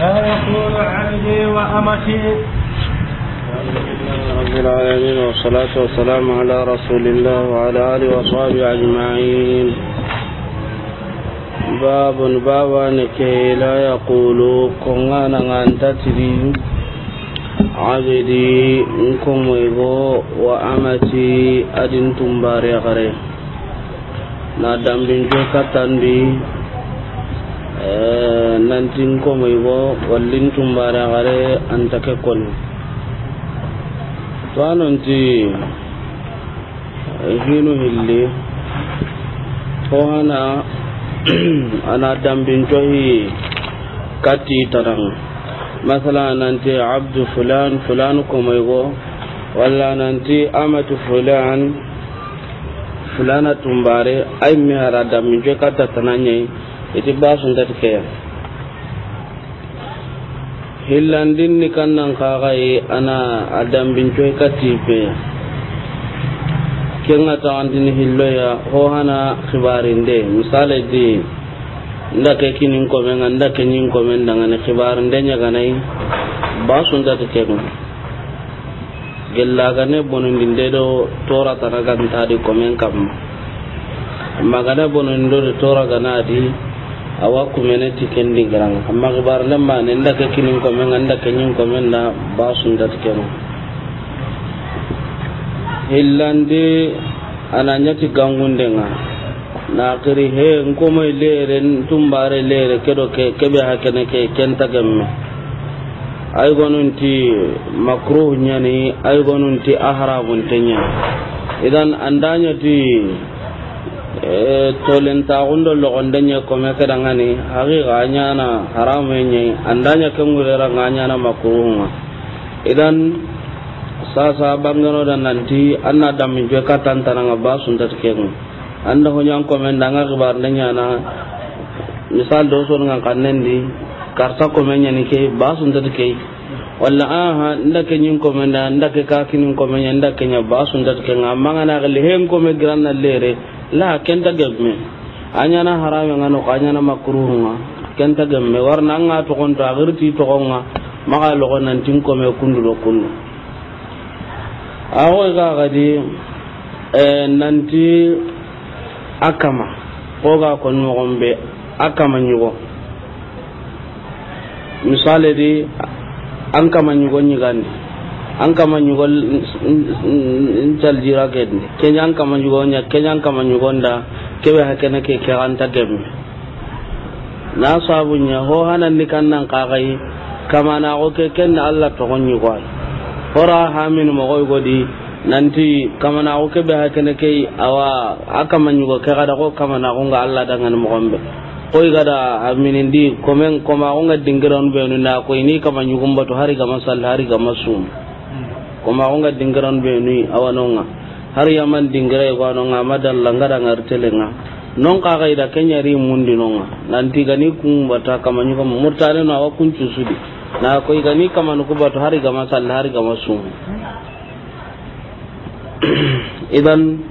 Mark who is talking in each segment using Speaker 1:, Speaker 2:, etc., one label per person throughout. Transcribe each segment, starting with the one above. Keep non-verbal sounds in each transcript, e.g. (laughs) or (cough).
Speaker 1: يقول عبدي وامتي
Speaker 2: رب العالمين والصلاة والسلام على رسول الله وعلى آله وصحبه أجمعين باب بابا كي لا يقول كن أنا أن تتري عبدي كم ويبو وأمتي أدنتم باري غري نادم بن جوكا تنبي nantin komai bo wallin tumbara gare an take kon to anonti hinu hilli ko hana (clears throat) ana dambin cohi kati tarang masala nanti abdu fulan fulan komai bo walla nanti amatu fulan fulana tumbare ay mi hara dambin cohi katta tananyai iti basun dati keya hillandin ni kannan kakai ana adambin cuy kati peya kenga tawandin hilloya ho hana khibarin de misale di nda ke kinin komen nda ke nin komen nda ngane khibarin de nya ganai basun dati keya gella gane bonin din de do tora tanaga ditadi komen kam magana bonin do tora ganadi awa kumeneti kendi garanga amma kibar lemma ne nda ke kinin komen nda ke nyin komen na basun dat keno hillandi ananya ti gangun gangundenga na kiri he nkomo lere tumbare lere kedo ke kebe hakene ke kenta gemme ay gonun ti makruh nyani ay gonun ti ahra tenya idan andanya ti ta e, tolentaxundo loxondenñe kome kedangani anda a ke ngure ra nga nya na makuruhunga idan sa-sa sasa bangano dan nanti anna dam je ka nga ba ke ngi anda hoñan komen danga xibar nya na misal do sonungan di karta nya ni ke ba suntati ke walla aha nda ke nyin ko menda nda ke ka kinin ko menya nda ke nya ba dat ke ngam nga na gele hen ko me gran na lere la kenta gemme anyana harame ngano anyana makruh nga kenta gemme warna nga to kon to agirti to nga maka logo nan tin ko me kundu lo kundu awo ga gadi e nanti akama ko ga kon mo gombe akama nyugo misale di an kama nyugo nyigandi an kama nyugol ncal jira kedni kenya an kama nyugonya kenya an kama nyugonda kebe hakene ke keranta gemme na sabunya ho hanan ni kannan kagai kama na ko ke ken Allah to gon nyugol hora hamin mo goy godi nanti kama na ko ke be hakene ke awa a kama nyugo ke kada ko kama na ko ga Allah dangan mo gombe koy gada aminin di komen koma ko ga dingiron be no na ko ni kama nyugumba to hari ga masal hari ga masum kuma nga dingiran be ni awanonga har yaman dingira ko anonga madalla ngara ngartelenga non ka ga ida kenya ri mundi nonga nanti gani kun bata kamanyu ko murtale na wa cusudi na ko gani kaman ko bata har ga masal har ga masu (clears throat) idan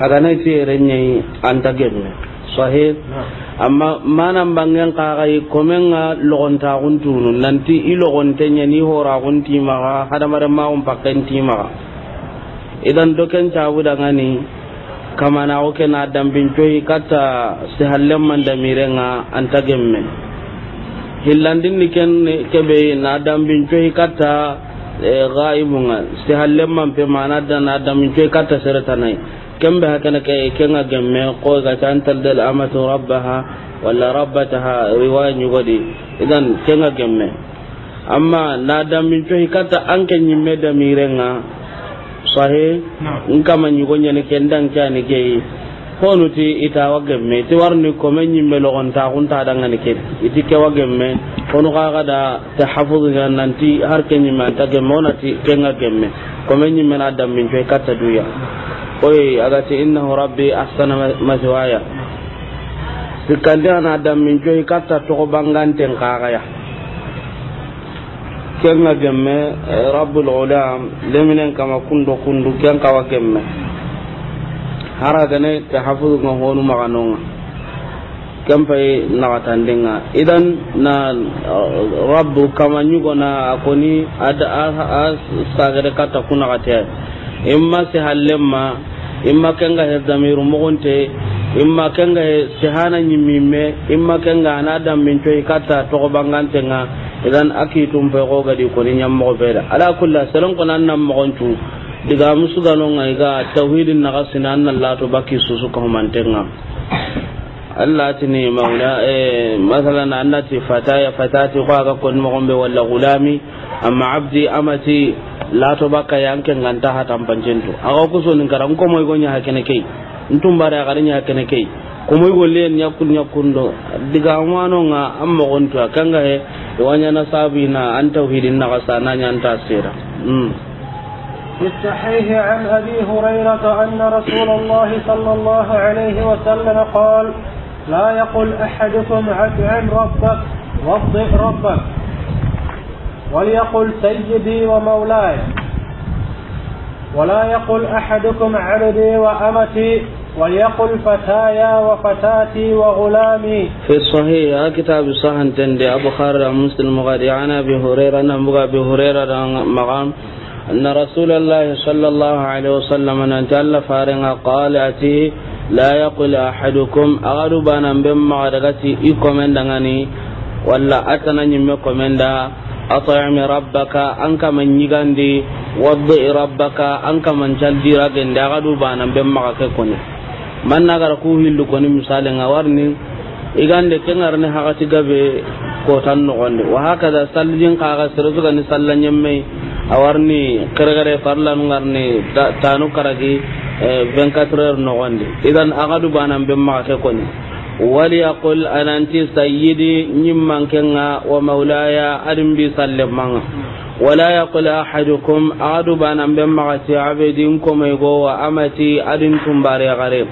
Speaker 2: aga na ce renye an ta sahih amma manan bangen kaxay komenga nan nanti i loxonteña ni horaxuntimaxa hadamarenmaxun pakkentimaxa idan do ken bin kamanaxo ke na dambincoyi katta nga an anta gemme ni ken keɓe na dambincoyi katta eh, gaibunga sihallen manpe mana na dambincoyi kata seretanai كم بها كان كنا جمع قوزة أنت الأمة ربها ولا ربتها رواية يقولي إذا كنا جمع amma na damin cohi kata an kan yi mai damirin a sahi in kama yi gonya ne ke dan kya ne ke yi honu ti ita wagen me ti warni komen yi mai lokon ta kun ta dan ne iti ke wagen me honu ka da ta hafuzu ga har yi ta gemme gemme na damin duya koy agati innahu rabbi ahsana maswaya sikkandi ana dammin joyi katta togo banganten kaxaya kenga gemme eh, rabbul ulam leminen kama kundo kundu ken kawa gemme haragane ta hafuzu nga honu maganonga kempay naxatandenga idan na eh, rabbu kama ñugona akoni a ah, ah, sagere katta kunaxatea imma sihallenma imma kanga he damiru mogonte imma kanga he sihana ñimmimme imma kata ana dammincoyi katta nga idan akitum fegogadi koni ñammogo da ala kulla seren kona an nammogoncu diga musu musuganonga iga tawhidin naga sina an na lato bakki susu kahumantenga Allah ta ne mauna eh, masalan annati fataya fatati ko aga kon mo gombe walla gulami amma abdi amati la to baka yanke nganta ha tampanjento aga ko so nin karan ko moy gonya hakene kei ntum bare aga ya hakene kai ko moy golle en yakul do diga wano nga amma gonto akanga he wanya na sabi na an tauhidin na kasana nya anta sira mm.
Speaker 1: في الصحيح عن ابي هريره ان رسول الله صلى الله عليه وسلم قال لا يقل أحدكم عن ربك وضئ ربك وليقل سيدي ومولاي ولا يقل أحدكم عبدي وأمتي وليقل فتايا وفتاتي وغلامي
Speaker 2: في الصحيح آه، كتاب صحيح تندي أبو خارج مسلم غادي عن أبي هريرة أن أبي هريرة مقام أن رسول الله صلى الله عليه وسلم أن تألف قال أتيه la yaqul ahadukum agadu banan ben maga daga ti i komen dangani walla atana nyimme komen da atayami rabbaka an kama nyigandi waddi rabbaka an kama caldi ragende agadu banan ben maga ke koni man nagara ku hillu koni misalen a warni igande kengarni hakati gabe kotan nogonde wa hakada saljin kaga sirusuga ni sallan yemme awarni kare kare farla ngarni tanu karagi 24 heures nɔgɔn idan akadu banan bɛ maka kɛ kɔni wali ya kul ananti sayyidi nyimman kenga wa maulaya adin bi salle manga wala ya kul ahadukum adu banan bɛ maka ci abedin ko mai go wa amati adin tumbare gare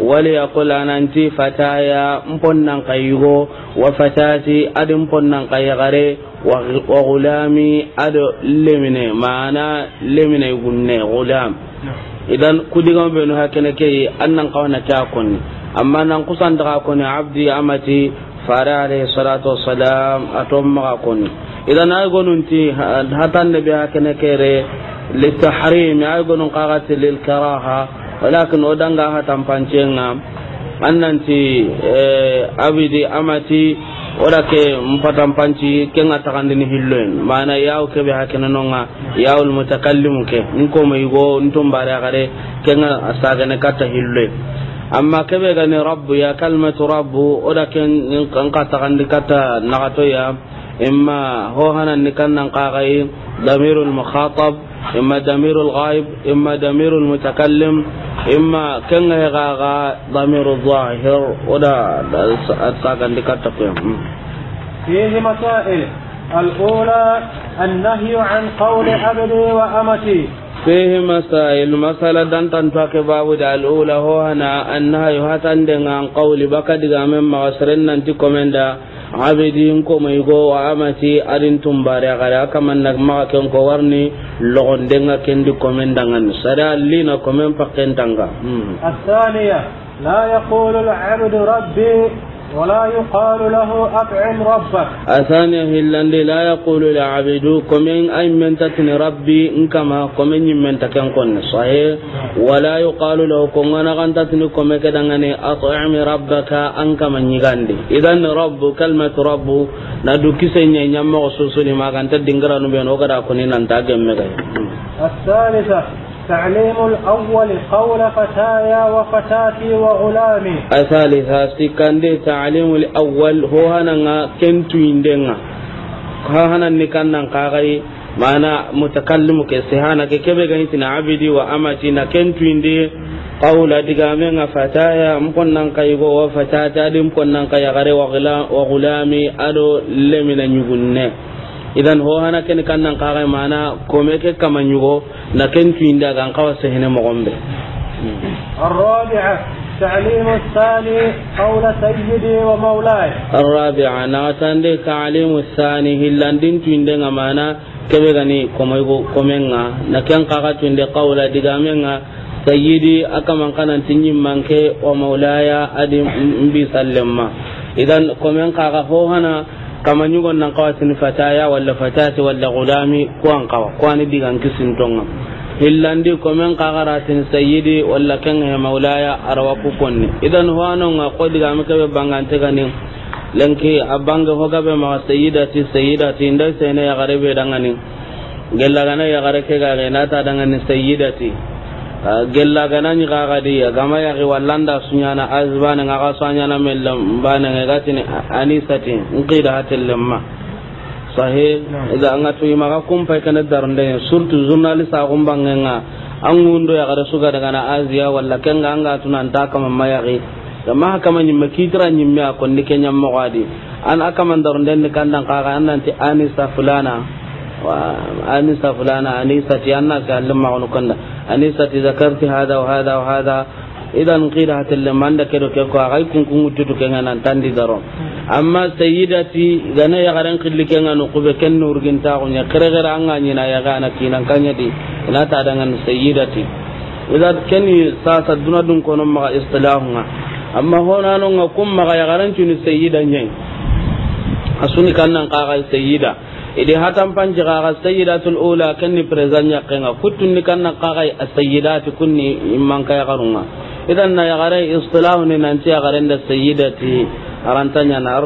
Speaker 2: wali ya kul ananti fataya mponnan kayugo wa fatati adin mponnan kayare wa gulami adu lemine maana lemine gunne gulam idan kudigan benu kene ke annan kawana ta kunni amma nan kusan da kunni abdi amati fara alayhi salatu wassalam atom ma kunni idan ay ti hatan ne be hakene li tahrim ay gonun qagati lil karaha walakin odanga hatan pancenga ti eh, abdi amati oda ke mpata mpanchi ke nga takandini hilloen mana yao kebe hakene nonga yao mutakallimu ke nko meigo go ntum ke nga asagene kata amma kebe gani rabbu ya kalmatu rabbu oda ke nka takandi kata nagato ya imma hohana hanan ni damiru lmukhatab إما دمير الغائب إما دمير المتكلم إما كن غاغا ضمير الظاهر ودا الساقن التقيم
Speaker 1: فيه مسائل الأولى النهي عن قول عبدي وأمتي
Speaker 2: فيه مسائل مسألة دانتان فاك بابد الأولى هو هنا النهي هتندن عن قول بكد من مغسرن ننتكم abidin mai go wa amati arin tumbare kaman na maka ken ko warni logon denga sada komen pakken tanga hmm.
Speaker 1: asaniya la yaqulu al abdu rabbi ولا يقال له أطعم ربك
Speaker 2: الثانية هلاندي لا يقول لعبد كمين أي من تتن ربي إنكما كمين من تكن كن صحيح ولا يقال له كمنا غن تتن كمين كدنغني أطعم ربك أنكما نيغاندي إذن رب كلمة رب ندو كسين ينمو خصوصي ما كانت دنگرانو بيان وقرأ كنين أنتاجم مغاي
Speaker 1: الثالثة تعليم الأول قول فتايا وفتاتي وغلامي
Speaker 2: الثالثة سيكندي تعليم الأول هو هنا كنتو يندنا هنا نكنا قاغي mana mutakallimu ke sihana ke kebe gani abidi wa amati kentu inde qawla diga fataya mkon nan kai go wa fatata dim kon wa gulami ado lemina nyugunne idan ho hana ken nan kare mana me ke na ken tuinda gan kawa sehne mo gombe
Speaker 1: الرابعة تعليم الثاني قول سيدي ومولاي
Speaker 2: الرابعة ناتان تعليم الثاني هلان دين تويندين أمانا كبه sayyidi aka man kanan tinyin manke wa maulaya idan komen kaga ho hana kama nyugon nan kawa sin fataya walla fatati walla gulami ko an kawa ko an diga an kisin tonga hillandi komen kagara sin sayyidi walla kan ya maulaya arwa ku konni idan hoano nga ko diga mi kabe bangante ganin lenki abanga ho gabe ma sayyidati ti inda sene ya garebe dangani gelagana gana ya gare ke ga na ta dangani sayyidati gella ga gaga di agama ya ri wallanda sunyana ga sanya na mellam bana ga ngatini anisati ngida hatellemma sahe ida ngatu imaga kumpai kana darnde surtu journalista gumbangenga angundo ya gara suga daga na azia walla kenga anga tunanta kama mayari kama ni makitra ni nyimme akon ni kenya mo gadi an aka man akaman darnde ni ka kandang kaga ananti anisa fulana أنسة فلانة أنيستي أنا كلم ما كنا أنيستي ذكرت هذا وهذا وهذا إذا قيل ما عندك كيكو أغيكم كم تتوك أنا تاندي درو أما سيدتي غنا يغرن قل كنا نقوب كن نورجن تاعون يكره غير أنا ينا يغانا كنا كنا دي لا تعدنا سيدتي إذا كان ساسا دون دون كنا ما استلاهنا amma hona non ga kum ma ga yaran tuni sayyida nyen asuni kannan ka ga idi hatan panji ga sayyidatul ula kanni prezanya prezan kutun ni kanna kaga as-sayyidat kunni imman kay garunga idan na ya yagare istilahu ni nanti ya yagare nda sayyidati arantanya na ar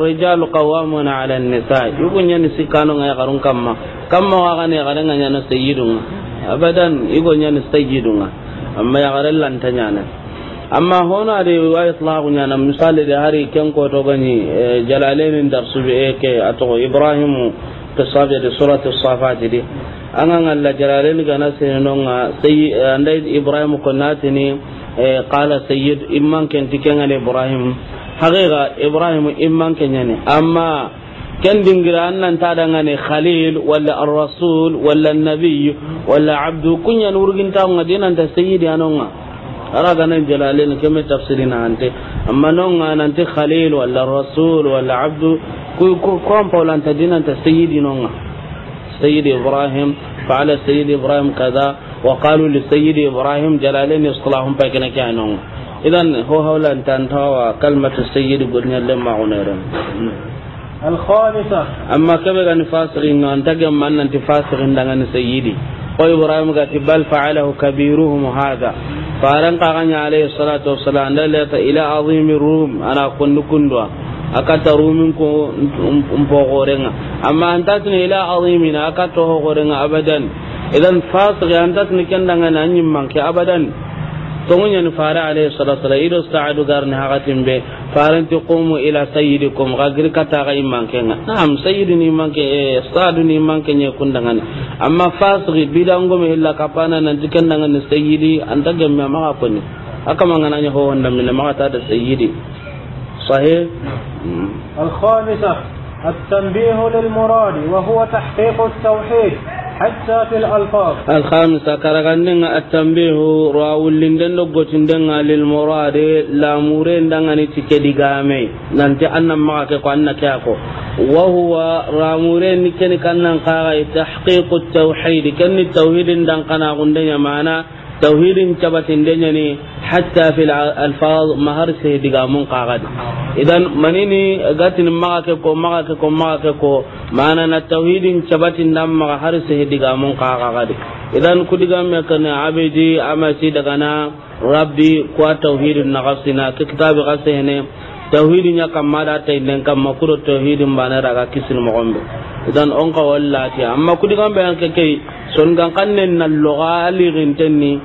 Speaker 2: qawamuna 'ala nisa nisaa yugunya ni sikano ngay garun kamma kamma wa ne yagare nganya na sayyidunga abadan igonya ni sayyidunga amma ya yagare lantanya na amma hono ade wa islahu itlaqu na misali de hari ken to gani eh, jalalain darsu be ke ato ibrahimu qissa be de surati safat de anga ngalla jaralen gana senonga sayyid andai ibrahim ko natini qala sayyid imman ken tikenga ibrahim haqiqa ibrahim imman ken ne amma ken dingira annan ta danga ne khalil wala ar-rasul wala an-nabiy wala abdu kunya nurgin ta ngadina ta sayyid anonga ara ganan jalalin kame tafsirina ante amma non anante khalil wala rasul wala abdu كون أنت دين أنت سيدي نونا سيد إبراهيم فعل سيد إبراهيم كذا وقالوا لسيد إبراهيم جلالين يصلاهم باكنا كانون إذن هو هولا أنت أنتوا كلمة السيد قلنا لما عنيرم
Speaker 1: الخالصة
Speaker 2: أما كبير أن فاسقين أنت جم أن أنت فاسقين لأن سيدي وإبراهيم قال بل فعله كبيرهم هذا فأرنقى عليه الصلاة والسلام لا إلى عظيم الروم أنا كن كندوا akata rumin ko umpo gorenga amma antatni ila azimina akato ho gorenga abadan idan fasiq antatni kendanga nanyi manke abadan tongunya ni fara alayhi salatu wasallam ido sa'adu garni hakatin be faranti qumu ila sayyidikum gagri kata ga imankenga na'am sayyidini manke eh, sa'adu ni manke ne kundangan amma fasiq bidango me illa kapana nan dikendanga ni sayyidi antagamma maka koni akama ngana ni ho wanda min maka ta da sayyidi صحيح؟ نعم.
Speaker 1: الخامسة التنبيه للمراد وهو تحقيق التوحيد حتى في الألفاظ
Speaker 2: الخامسة كرغندنا التنبيه اللي دن لغوتين دن للمراد لا مورين دن أن تكدي ننتي أن معك قوانا كاكو وهو رامورين كن كنن قاغي تحقيق التوحيد كن التوحيد دن قنا معنا tauhidin tabatin denya ne hatta fil alfaz mahar sai diga mun qagad idan manini gatin maka ke ko maka ke ko maka ke ko mana na tauhidin tabatin dan maka har sai diga mun qagad idan ku diga me kana abidi amasi daga na rabbi ko tauhidin na gasina ke kitabi gasene tawhidi nya kamma da ta inden kamma kudo tawhidin bana raga kisin mo gombe dan on ka wallati amma kudi gambe an ke kai son gan kanne na logali rintenni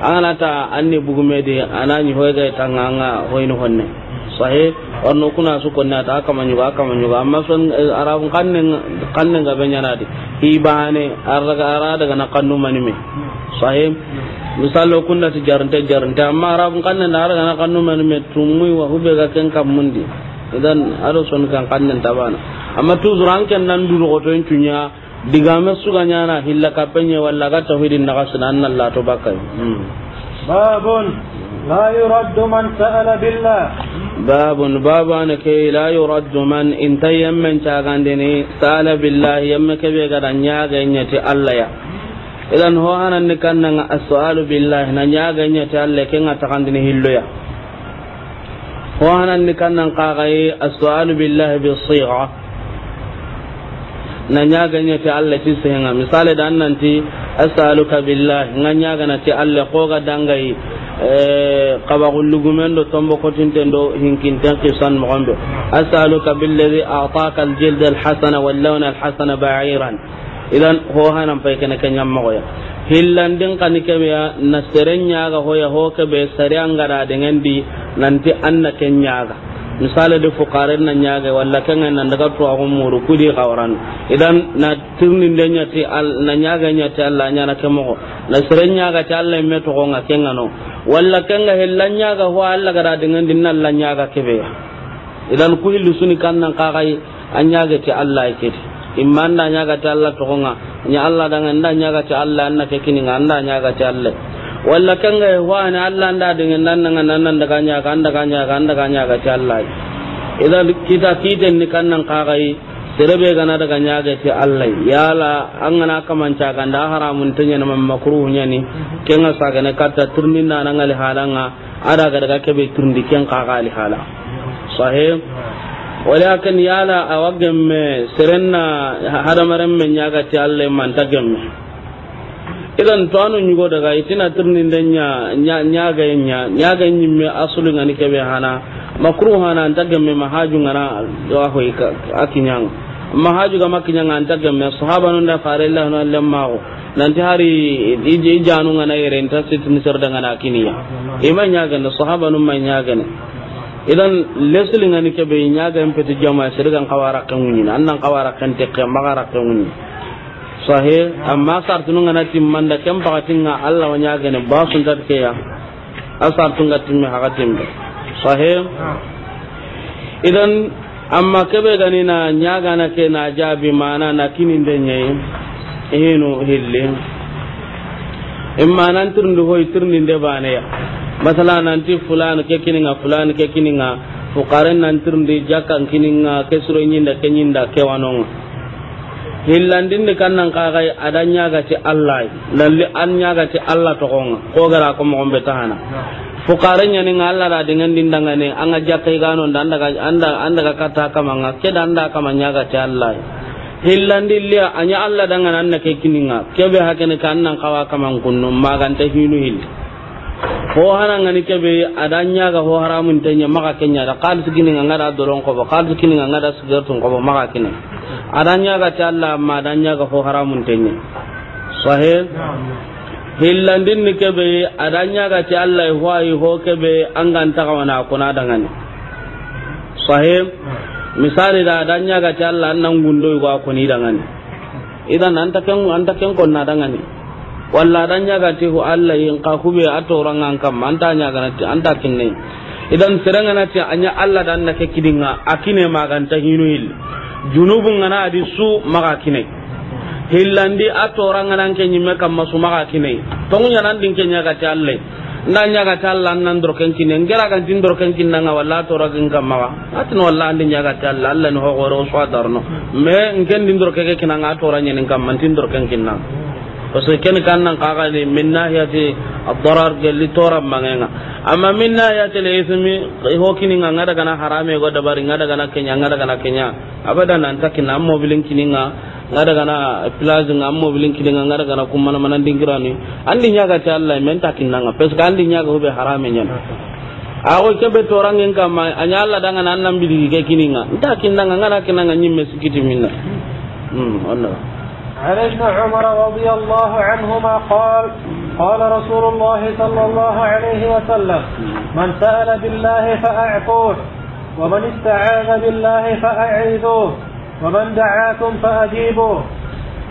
Speaker 2: anata ta anne bugume de anani hoyga tanganga hoyno honne sahih no kuna su konna ta kama nyuga kama nyuga amma son eh, arab kanne kanne ga benya na di ibane arada araga na kannu manime sahih misalo kunna ti jarnta jarnta amma arabun kanna na kana kannu man me tumui wa hube ga ken kam mundi idan ado son kan kanna tabana amma tu zuran ken nan duru ko ton tunya diga me suga nyana hilla ka penye walla ga tawhidin na gasna an Allah to bakai hmm.
Speaker 1: babun la yuraddu man sa'ala billah
Speaker 2: babun babana ke la yuraddu man in tayamman ta gandene sa'ala billah yamma ke be ga danya ga nyati Allah ya idan ho hanan ni kannanga as as'alu billahi na nyaga nya ta kan ken atakandini hilloya ho hanan ni kannan qaqai as'alu billahi bi sigha na nyaga nya ta alle ti nga misale dan nanti as'aluka billahi nga nyaga na ti alle ko ga dangai eh, gulugumen do tombokotinten do hinkinten kisan mogonɓe asaluka billadi ataka wal-lawna al-hasana bairan idan ho hanan fay kana kanyam ma goya hillandin kani kebe ya na serenya ga ya ho kebe saranga gara dengan di nanti anna kenya ga misale de fuqaren nan ya ga walla kan nan daga to agun muru kudi qawran idan na tirnin den nya ti al na nya ga nya ti Allah nya na kamo na siren nya ga ta Allah me to gonga ken ngano walla kan ga hillan nya ga ho Allah gara radin din nan lan nya ga kebe idan ku hillu suni kan nan ka kai an nya ga ti Allah yake e imman da nyaga ta Allah to nga nya Allah da nganda nyaga ta Allah anna ke kini nganda nyaga ta Allah walla kanga wa na Allah nda dengan nan nan nan daga ka anda ga ka anda ga nyaga ta Allah idan kita kiten ni ka kagai sirabe gana daga ga ta Allah yala an gana kamanta ganda haramun tunya na makruh nya ni kenga saga ne kata na nan ngali halanga ada ga daga kebe turndi ken kagali hala sahih walakin yala a wagen me serenna hadamaren men ya gaci idan daga itina nya ga nya nya ga asulu ngani kebe hana makru hana mahaju ngana akinyang mahaju ga makinyang sahaba da fare Allah lamma nanti hari ije ngana yere iman sahaba nun man nya idan leslin ngani nike bai nyaga ga mpeti jama sirgan kawara kanuni annan kawara kan te magara wuni sahe amma sartun ngana timmanda kem pakatinga Allah wanya gane basun tat ke ya asartun gatin mi haka timbe. sahe idan amma bai gani na ga na ke na jabi mana na kinin denye ehinu hille imma nan turndi hoy turndi de bane ya masala nanti fulan ke kininga fulan ke kininga fukaren nantirndi jaka kininga ke suro nyinda ke nyinda ke wanonga hillandinni kannan adanya ga ci allah annya ga ci allah toxonga kogara ko moxonɓe taxana fukare ñaninga allah da dingandindangane anga jakka iganonda an daga katta da keda anda kama ci allah hillandi liya anya allah dangana an na ke kininga keɓe hakene kan an kawa kawa kaman magan te hinu hil. ho harangani kebe ga ho haramun tanya maka kenya da qalsu nga ngada doron ko qalsu kini ngada sigartun ko maka kini adanyaga ta Allah ma ga ho haramun tanya sahih hillandin ni kebe adanyaga ta Allah ho ai ho kebe angan ta kawana kuna dangane sahih misali da adanyaga ta Allah nan gundo ko akuni dangane idan an ta ken an ta ken ko na dangane walla dan nyaga ti hu alla yin ka kube atoran an kam anta nyaga nati anta kinne idan seranga nati anya alla dan na ke kidinga akine maganta hinu hil junubun ngana adi su maga kine hillandi atoran nan ke nyimme kam masu maga kine tongunya nan din ke nyaga ti alla nda nyaga ti alla nan dorken kine ngera kan dro ken kinna nga walla tora gin kam maga atin walla andi nyaga ti alla alla no ho goro darno me ngen din dro ke kinna nga atoran nyen kam man tin dorken kinna parce que ken kan nan kaga ni min nahiyati ad-darar galli toram mangenga amma min nahiyati al-ismi ho kini nga ngada kana harame go dabari ngada kana kenya ngada kana kenya abada nan takina ammo bilin kini nga ngada kana plage nga ammo bilin kini nga ngada kana kuma na manan dingirani andi nyaga ta Allah men takinna nga parce que andi nyaga ho be harame nyen awo kebe torang en kama anya Allah danga nan nan bidi ke kini nga ntakinna nga ngada kinna nga nyimme sikiti minna hmm onna
Speaker 1: عن ابن عمر رضي الله عنهما قال قال رسول الله صلى الله عليه وسلم من سأل بالله فأعطوه ومن استعاذ بالله فأعيذوه ومن دعاكم فأجيبوه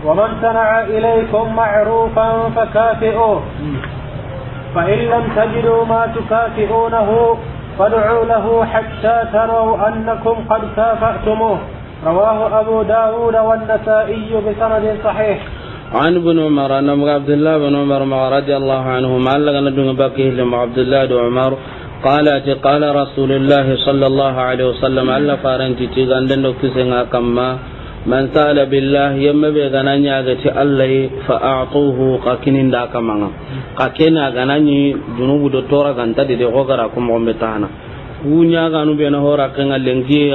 Speaker 1: ومن صنع إليكم معروفا فكافئوه فإن لم تجدوا ما تكافئونه فادعوا له حتى تروا أنكم قد كافأتموه رواه أبو داود والنسائي بسند صحيح
Speaker 2: عن ابن عمر أن عبد الله بن عمر رضي الله عنه ما لقى ندون بقيه لما عبد الله بن عمر قال قال رسول الله صلى الله عليه وسلم ألا فارنت فارنتي تيغاندن كسنا كما من سأل بالله يما بيغانا أغتي الله فأعطوه قاكين دا كما قاكين أغناني جنوب دكتورة غانتا دي غوغرا كم غمبتانا kunya ganu be na hora kan lengi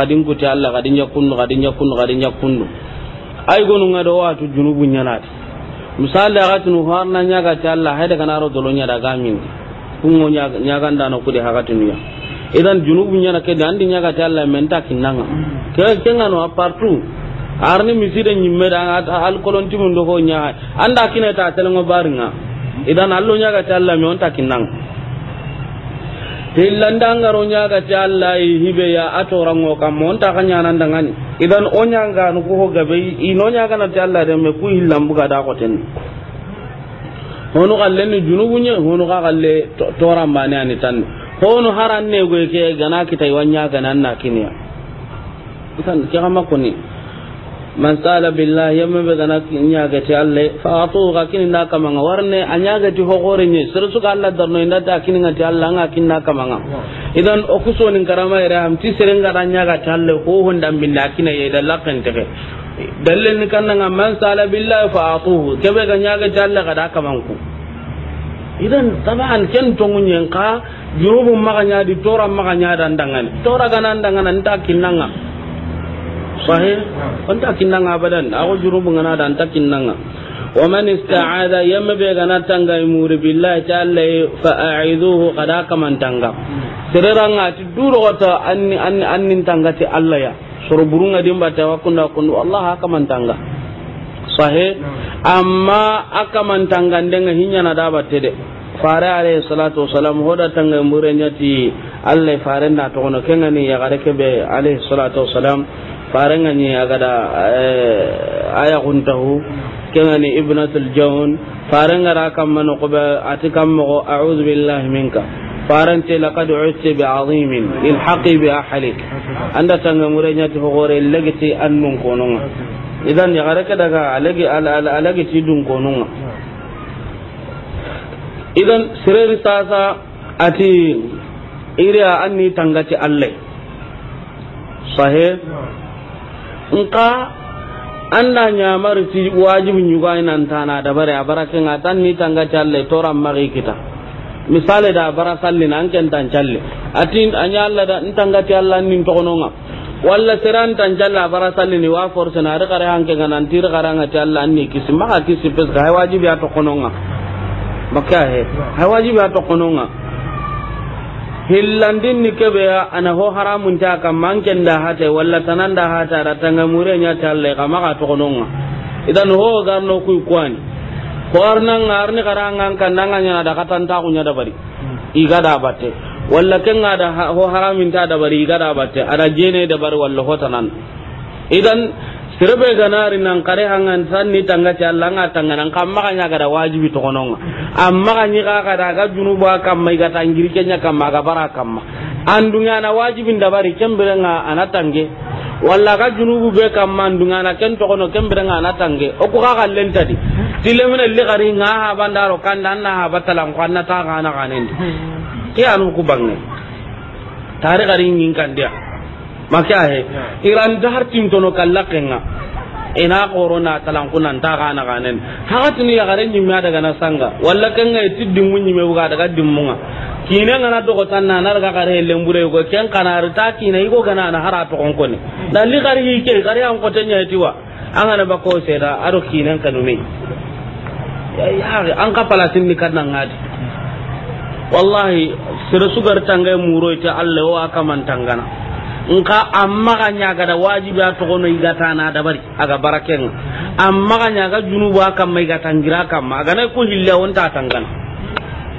Speaker 2: kadin kuti Allah kadin ya kunnu kadin ya kunnu kadin ya kunnu ay gonu ngado watu junubu nyanati misal da gatinu harna nyaga ta Allah hayda kana ro dolonya daga min kungo nyaga ndano kudi hagatinu ya idan junubu nyana ke dan di nyaga ta Allah menta kinanga ke kengano apartu arni miside nyimme da al kolonti mun do ho nya anda kineta telengo baringa idan allo nyaga ta Allah me onta kinanga ga ñagati allah hibe ya a ta kamma on taka ñanandangani idan ga ñanganu ku ho gabe ino ñaganati allah de me ku buga da ko kotenni honu galle ni junubu ñe honu ka galle torambane ani tanni honu ne go ke ga na kitai wanya ga nan na kiniya itan ke xama koni man sala billahi yamma be kinya gati alle fa atu ga kin na kama nga warne anya gati ho gore ni sir su ga darno inda ta kin nga ti alla nga kin na kama nga idan o kuso nin karama ira am ti sir nga nya ga ti alle ko hon dan billah kin ye dalla kan te ke dalle ni kan nga man sala billahi fa atu ke be ga nya ga ti alle ga da kama ku idan taban ken tongun yen ka jurubun maganya di tora maganya dan dangane tora ga nan ta kin nga sahih anta kinnanga abadan ago jurubu ngana da anta kinnanga wa man ista'adha yamma be gana tanga imuri billahi ta'ala fa a'idhuhu qada wata anni anni anni ti Allah ya soro burunga Allah sahih amma hinya na daba tede fare alaihi salatu wasalam hoda tanga murenya ti Allah fare to ya gare be alaihi salatu wasalam farenga ni agada eh, aya kuntahu kengani ibnatul jawn farenga ra kamma no qobe ati kamma go a'udhu billahi minka farante laqad usti bi azimin ilhaqi bi ahlik anda tanga murenya to gore legiti annun kononga idan ya gare ka daga alagi alagi ti dun kononga idan sirri sasa ati iriya anni tangati allai sahih nka anda nyamari yi wajibu nyuga ina ntana da bare abarake nga tan ni tanga challe toran magi kita misale da bara salli nan ken tan challe atin anya Allah da ntanga ti Allah nin tokono nga walla seran tan a bara salli ni wa force na re kare hanke ga nan tir kare nga ti Allah ni kisi maka kisi pes ga wajibi ya tokono nga maka he wajibi ya tokono nga hillandin ni kebe ana ho haramun ta kan manken da hata walla tanan da hata da tanga mure nya ta Allah kama ka to konon idan ho gar no kuy kwani kornan arni karanga kan nan nya da katan ta kunya da bari iga da batte walla ken ga da ho haramin ta da bari iga da batte ada jene da bari walla ho tanan idan serebe ganari nan kare hangan sanni tanga ci Allah nga tanga nan kam maka nya gara wajibi to kono amma ka nyi ka kada ga junuba kam mai ga tangiri kenya kam maga bara kam andunga na wajibin da bari kembere nga anatange walla ga junubu be kam mandunga na ken to kono kembere nga anatange o ko ka kallen tadi tilemene li gari nga ha bandaro kanda na ha batalan ko na ta ga na ganen hmm. ki anu ku bangne tare gari nyin dia maka ahe iran da har tim tono kallakenga ina korona talan kunan ta kana kanen haka tuni ya garin nyimya daga na sanga walla kan ga tiddin mun nyime buga daga nga kine ngana dogo tan na narga kare lembure ko ken kana ta kine iko gana na hara to kon kon dalli kare yi ke kare an ko tanya tiwa an ana bako se da aro kinen kanume ya an ka palasin ni kan ngadi wallahi sira sugar tangay muro ita Allah wa kaman tangana nka amma ga nyaga da wajibi a to no igata na da bari aga baraken amma ga nyaga junubu aka mai ga tangira kan ma ga na ku hilla won ta tangana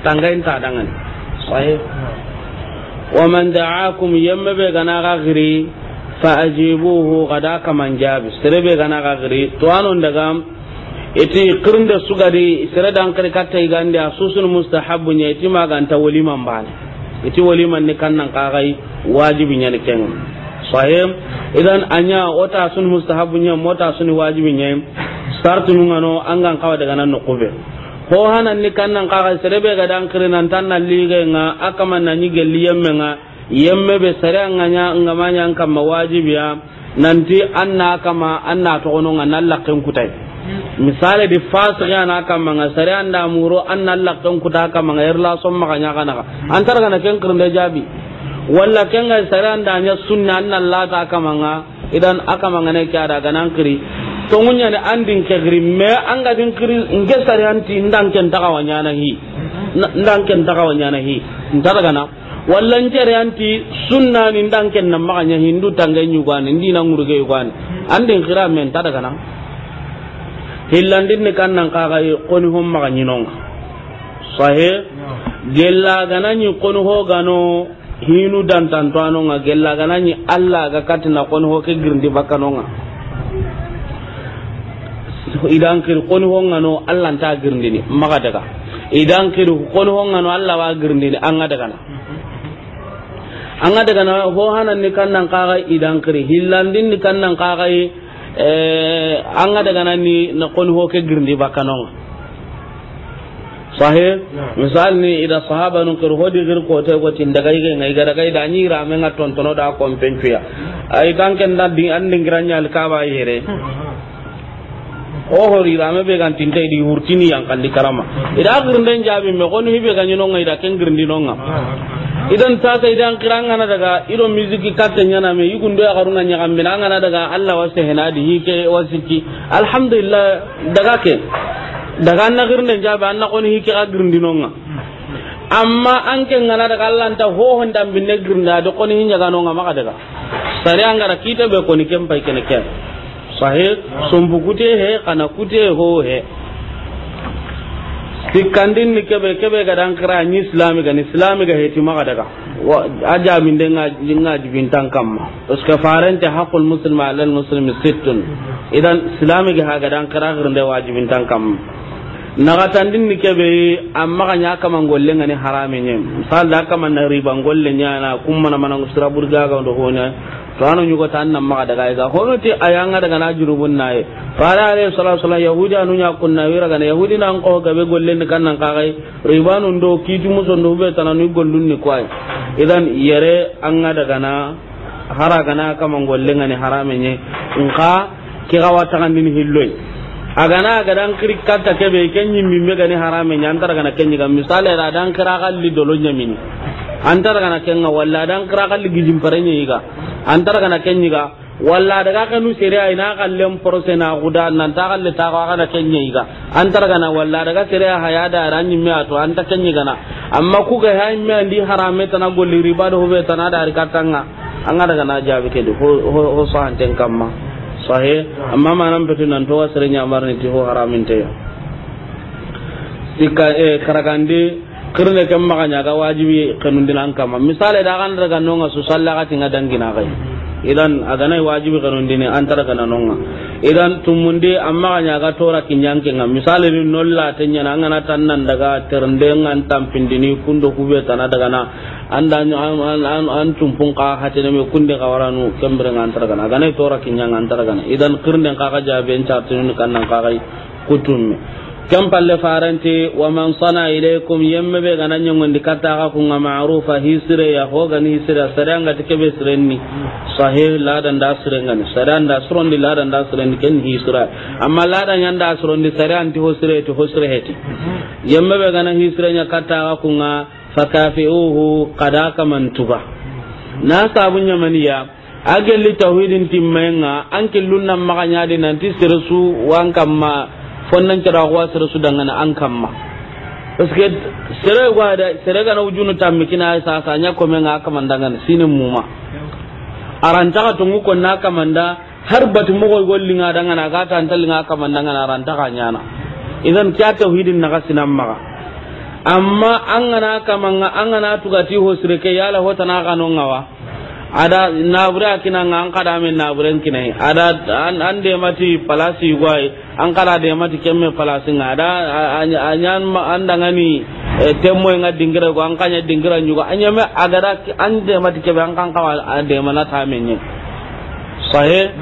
Speaker 2: tangain ta dangan sahih wa man da'akum yamma be ga na ga fa ajibuhu qada ka man jabi sire be ga na ga giri to anon daga iti kirnda sugari sira dan kare katta igande asusun mustahabbu ne iti maganta waliman bane iti man ni kannan kagai wajibi nya ken sahim idan anya wata sun mustahabu nya mota sun wajibi nya startu nun ano angan kawa daga nan nukube ko hanan ni kannan kagai serebe ga dan kirinan tan na liga nga akama na ni gelli yemme nga yemme be sare nganya ngamanya ngam wajibiya nanti anna kama anna to ono nga lakken kutai misali di fasu ya na Nga sari an da muro an na kan kuta kama nga irla lasom maka nya kana an targa na kirin da jabi walla kan ga an da nya sunna an na lata kama nga idan Akama Nga ne kya daga nan kiri to munya ne an din ke kiri me an ga din kiri nge an ti ndan ken daga wanya na hi ndan ken daga wanya na hi targa na wallan an ti sunna ni ndan ken na maka nya hindu tangen yugani ndina ngurge yugani an din kira men ta daga hillandir ni kan nan yi qoni hom maga nyinon sahe gella ganani qoni ho gano hinu dan tan to anonga gella ganani alla ga katina qoni ho ke girndi bakanonga idan kir qoni ho ngano alla ta girndi ni maga daga idan kir qoni ho ngano alla wa girndi ni anga daga na anga daga na ho hanan ni kan nan kaga idan kir hillandin ni kan nan yi Eh, an ga daga nan ni na kon ho ke ba kanon sahe misal ni ida sahaba nun kar hodi gir ko te ko tin daga yi ngai ga daga da ni ra men ton tono da kon pencuya mm. ai kan ken da din an din granya ka ba yere (laughs) o hori me be gan tinte di hurtini yang kalli karama ida gurnden jabi me gonu hibe ganyi ngai da ken girndi nonga idan ta ta idan kiran na daga ido miziki katta nyana me do ya garuna nya gambe na ngana daga Allah wasa henadi hike wasiki alhamdulillah daga ke daga na gurnden jabi an na gonu hike ga girndi nonga amma an ke ngana daga Allah ta ho dan binne girnda do koni nonga ma maka daga sare an gara kita be koni kempai kene kene sahe sombu kute he kana kute ho he sikandin ni kebe kebe ga dan kira ni islami ga ni islami ga heti maka daga aja min de nga nga jibin tan kamma uska farante haqqul muslim ala al muslim sittun idan islami ga ga dan kira gir de wajibin tan kamma nagatandin ni kebe amma kan yaka man golle ngani harame nyem misal da kama na riba golle nyana kuma na manang sura burga ga ndo hona to anu nyugo tan na maka daga ga hono ti ayanga daga na juru bun nae fara ale sallallahu alaihi yahudi anu nya kun na wira ga na yahudi nan ko ga be golle ni kannan ka kai riba nu ndo kitu mu so ndo be tan anu gollun ni kwai idan yere anga daga na hara ga na kama golle ngani harame nye in ka ki gawa tan ni hilloi agana gadan krik katta kebe kenyi mimme gani harame nya antara gana kenyi ga misale ra dan kira galli dolo nyamini antara gana kenga walla dan kira galli gijim parenye yiga antara gana kenyi ga walla daga kanu sere ay na kallem porose na guda nan ta galle ta ga gana kenyi yiga antara gana walla daga sere haya da ranyi me ato anta kenyi gana amma ku ga hay me andi harame tana golli riba do be tana da rikatanga anga daga na jabe ke ho ho so anten kamma sahe amma manan fitu nan to wasere nyamar ne tiho haramin te ika e eh, karagande kirne kam maganya ga wajibi kanun dinan kama misale da kan daga nonga su sallaka tinga dangina kai idan agana wajibi kanon dine antara kana nonga idan tumundi amma nya ga tora kinyanke nga misali ni nolla tanya na ngana tannan daga ternde ngan tampindini kundo kube tana daga na anda an an an tumpung ka hatene me kunde ka waranu kembre ngan antara kana agana tora kinyang antara kana idan kirne ka ga jabe en tartinu kannan ka ga kutum kem palle faranti wa man sana ilaykum yemma be gananya ngondi kata ka ku ngama arufa hisre ya ho gani hisre be sirenni sahih la dan da sirenga ni sadan da suron di la dan da sirenni ken hisra amma la dan yan da suron di sadan ti hosre ti kata ka ku nga fakafihu tuba na sabun nya maniya agelli tauhidin timmenga anke lunna maganya di nanti sirsu wan fonnan kira kuwa sira su dangana an kamma parce que sere wa da sere ga na ujunu tammi kina sa sa nya ko men aka mandangana sinin ma. aranta ka tungu ko na da har batu mo gol nga dangana ga ta antal linga kamandangana aranta ka nyana idan kya tauhidin na sinan maka amma an gana nga an gana tugati ho sira ke yala hota na nga ngawa ada nabure akina nga an kada nabure kina ada an de mati palasi guai an de mati kemme palasi nga ada anyan andangani e, temmo nga dingira ko an kanya dingira nyugo anyame agada an de mati kebe an kan kawa de mana ta sahe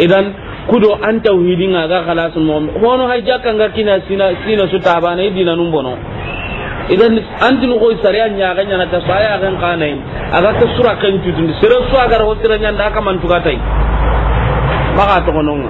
Speaker 2: idan kudo an tauhidi nga ga sun mo hono hay jakka kina sina sina su tabana idina numbono idan antin ko sariya nya ga nya ta saya ga kanai aga ta sura kan tutun sira su agar ho sira nya da tu tuka tai maka to konon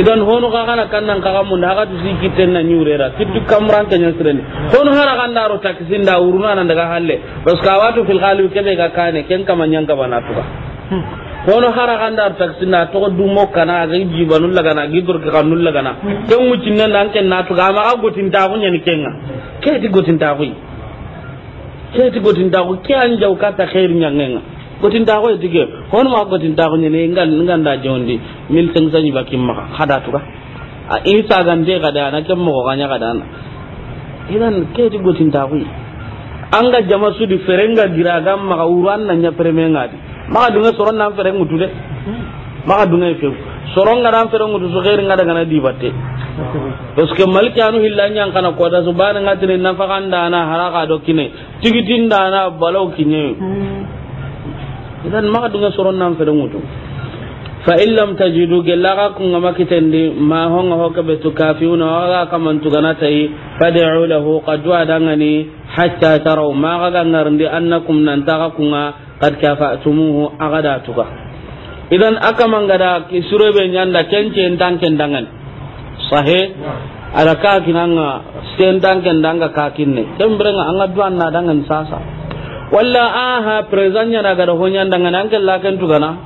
Speaker 2: idan hono ga kana kan nan ka mun da ga si kiten na nyure ra kitu kamran kan nya sira ni hono hara kan daro kisin da uruna nan daga halle bas ka watu fil ke be ga kane ken kama nya ga bana tuka hmm. hono hara ganda taksi taxi na to du mo kana ga jibanu laga na gidur ka kanu laga na ken wucin nan nan ken na to ga ma gotin ta kunya ni kenga ke ti gotin ta kuyi ke ti gotin ta ku ke an jau ka ta khair nyangenga gotin ta ku dige hono ma gotin ta kunya ne ngal ngal da jondi min sen sanyi bakin maka hada to ga a isa gande ga da na ken mo ga nya ga da na idan ke ti gotin ta kuyi an ga jama su di ferenga giragan maka uran nan ya feremenga di maka dunga soron nan fere ngutu de maka dunga e fe soron ga nan fere ngutu so khair ngada ngana dibatte parce que malki anu hillanya an kana nan fakanda na haraka do kine tigitin na balau kinye hmm. idan maka dunga soron nan fere ngutu fa in lam tajidu gellaga kungama kitendi ma honga hokabe tu kafiuna waga kamantuganatayi fad'u lahu kaduwa dangani hatta ma magaga ngarndi annakum nantaga kunga kad kafatumuhu agada tuka. idan aka ki akamangada surebe ñanda kencentan kendangani sahe ada kakinanga sentan kendanga kinne tembrenga anga na dangan sasa walla aha president nya daga ho nya ndanga nan la kan tugana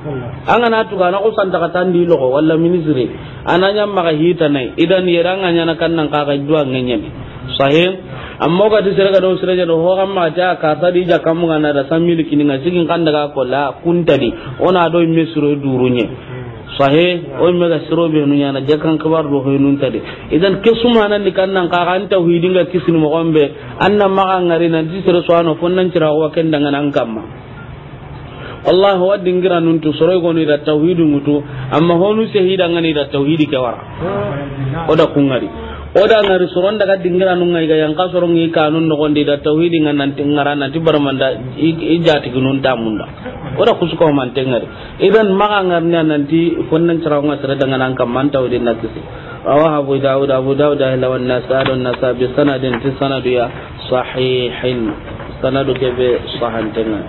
Speaker 2: anga na tugana ko santa kata ndi logo walla ministry ananya maka hita nai idan yeranga nya na kan nan ka ga duwa ngenya bi sahih amma ga tisira ga do sira do ho amma ja ka tadi ja kamu ngana da samili kini ngasigi kan daga ko la kunta di ona do misro durunye sahe o me ga siro be nu nyana jakan kabar do hoy nun tade idan ke sumana ni nan ka kan ta ga kisni mo gombe annan ma kan ngari nan ti siro suano nan tira wa ken dangan an kamma Allah wa dingira nun tu soro go ni da tauhidu mutu amma honu se hidanga ni da tauhidi ke wara
Speaker 3: hmm. o
Speaker 2: da kungari oda ngari soron daga dingira nun ngai ga yang kasorong ngi kanun no gondi da tauhid ngan nanti ngaran nanti barmanda ijati gunun tamunda oda kusuko man tengari idan maka ngarnya nanti fonnan carawanga sere dengan angka man tauhid nakisi awa abu daud abu daud ahla wan nasad wan nasab sanadin fi sanadu ya sahihin sanadu ke be sahan tenga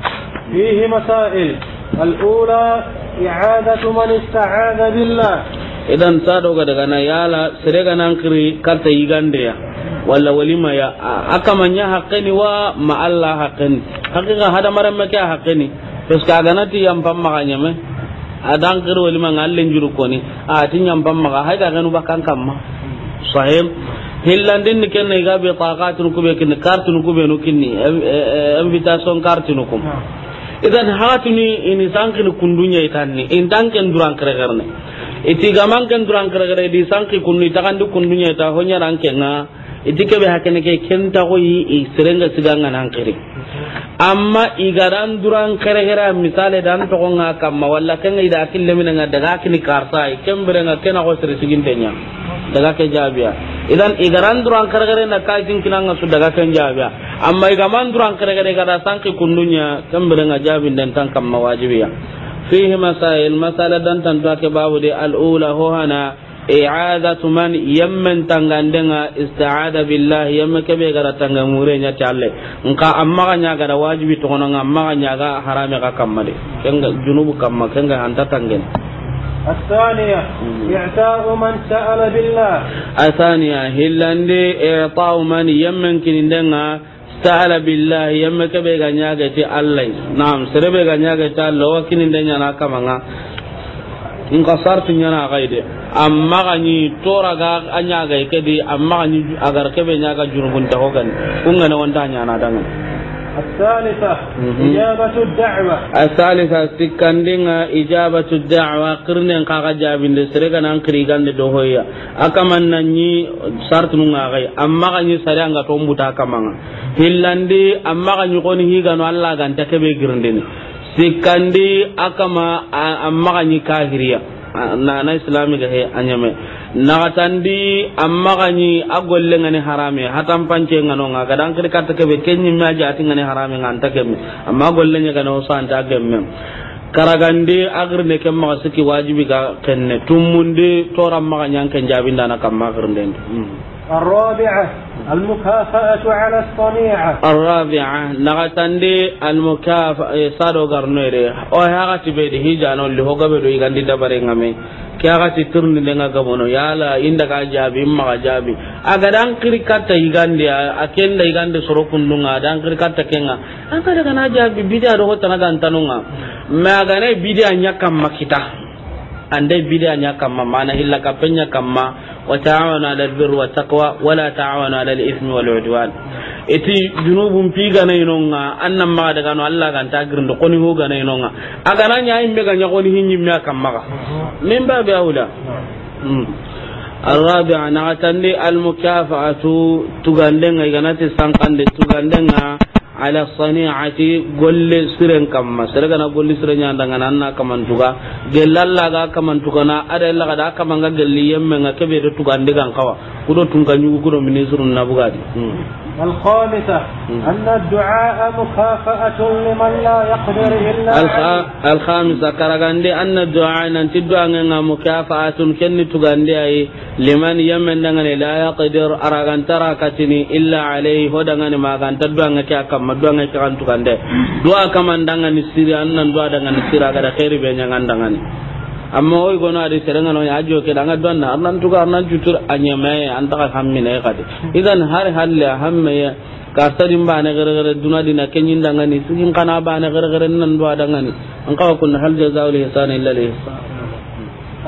Speaker 1: fihi masail al-ula i'adatu man ista'adha billah
Speaker 2: idan ta doga daga na yala sire ga nan kiri karta yi gande ya walla walima ya aka manya haqqini wa ma Allah haqqini haqiqa hada maran make haqqini to ska ga nati yam pam ma ganya me adan kiri walima ngallen juru ni a tin yam pam ma ga haida ganu bakan kamma sahib din ni kenne ga bi taqatun kube kin kartun kube no kinni e, e, e, invitation kartun kum idan hatuni ini sankini kundunya itanni in tanken duran kare garne iti gaman ken duran kare di sanki kunni takandi kundunya ta honya ranke nga iti kebe hakene ke kenta ko yi i serenga siganga nan kiri amma igaran duran kare kare misale dan to ko nga kamma walla ken ida akille min nga daga kini karsa ken bere nga ken ko sere sigintenya daga ke jabiya idan igaran duran kare kare na kai tin kinanga su daga ken jabiya amma igaman duran kare kare kada sanki kundunya ken bere nga jabin dan tan kamma wajibiya فيه مسائل مسألة دانتان تاكي بابو دي الأولى هو هنا إعادة من يمن تنغان دنغا استعادة بالله يمن كبه غدا تنغموري نياتي تعلي انقا أما غنيا غدا واجبي تغنى أما غنيا غا حرامي غا كمالي كنغا جنوب كما كنغا أنت تنغن
Speaker 1: الثانية إعطاء من سأل بالله
Speaker 2: الثانية هلاندي إعطاء من يمن كنندنا ta'ala billahi yamma ke be ganya ga ti allah na'am sere be ganya ga ta allah wakinin da nyana kamanga in ka sarti nyana gaide amma ga ni tora ga anya ga ke di amma ni agar ke be nya ga jurubun ta hogan kun ga na wanda nyana dangan
Speaker 1: الثالثة إجابة الدعوة
Speaker 2: الثالثة سكندنا إجابة الدعوة قرن قاقا جابين لسرقا ننكري قند دوهوية أكما نني سارت نغاغي أما غني سريان غطوم بوتا كما هلاندي أما غني قوني هيغانو الله غانتا كبه قرندين سكندي أكما أما غني كاهرية na إسلامي islami ga naxatandi amma xañi a ngani harame hatan pancenganonga gadan kedi katta keɓe kenñimme a ngani harame nga anta kemme amma golleñegane o santa gemme karagande agirne ke maxa siki wajibi ga kenne tummunde toran maxa ñan ken kam ma agirndende
Speaker 1: الرابعة المكافأة على الصنيعة
Speaker 2: الرابعة نغتندي المكافأة صاروا قرنيري او هاغتي بيدي هيجانو اللي هو قبلو يغندي دبرين أمين turni sitirni lenga gabono yala inda ka jabi ma ga jabi aga dan kirkata igande a kenda igande soro kundunga dan kirkata kenga an ka daga na jabi bidia do hota na gantanunga ma aga ne bidia nya kam makita ande bidia nya kam mana illa ka penya kam ma wa ta'awana 'alal birri wa taqwa wa la ta'awana 'alal ithmi wal 'udwan eti junubun fi ganai nonga annan ma daga no Allah kan ta girin da koni ho aga nan yayin me ganya koni kan maka min ba hula ana al tugandeng tugandeng ala sani'ati golle siren golle siren nan na gelalla ga na ada ga gelli yemma ga kebe kawa kudo tunka nyugu kudo ministru na bugadi alhamisa karagande mukafa'atun kenni tugande ay liman illa alayhi ho dangane maganta du'a ngake akamma du'a ngake kan tugande amma oy gono adi serenga no ya jo ke danga donna arnan tuga arnan jutur anyame antaka hammine kadi idan har halle hamme ya kasarin ba na gargara duna dina kenyin dangani sigin kana ba na gargara nan ba dangani an kawo kun hal jazaa'ul ihsan illa al ihsan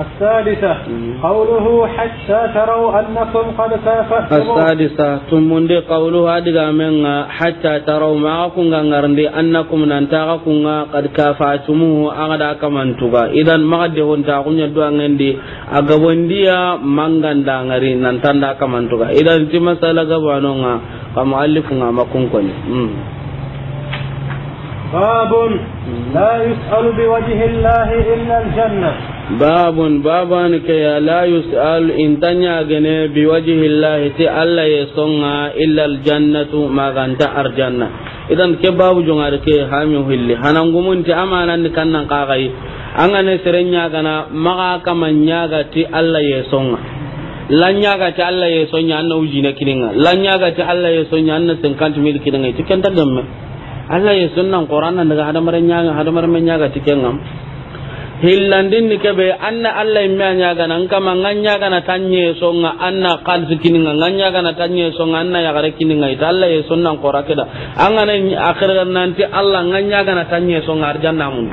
Speaker 1: الثالثة قوله حتى تروا أنكم قد كافتم السادسة
Speaker 2: ثم قوله أدقى من حتى تروا معكم غنغرندي أنكم ننتاقكم قد كافتموه أغدا كمان تغا إذا ما قد ينتاقون يدو أنغندي أغبون ديا من غندا غري ننتاقا كمان تغا إذا انت مسألة غبانونا كمؤلفنا مكونكني
Speaker 1: باب لا يسأل بوجه الله إلا الجنة
Speaker 2: babun baban ke ya la yus'al in tanya gane bi wajhi allah ti alla ya songa illa al jannatu ma ganta ar janna idan ke babu jongare ke hamu hilli hanan gumun ti amanan ni kannan kakai an ga ne serenya gana ma maka kamanya ga ti alla ya songa lanya ga ti alla ya sonya an uji na kininga lanya ga ti alla ya sonya an nan kan mil kininga ti kan ta Allah alla ya sunnan qur'an nan daga hadamar nya hadamar men nya ga ti kenan hillandin ni kebe anna allah imme a ñagana nkama nga ñagana tan ñeesonga anna kalsi kininga nga ñagana tan ñeesonga anna yagare kininga ita allah ye sonnan kora keda angana akhirga nanti allah nga ñagana tan ñeesonga arjanna mun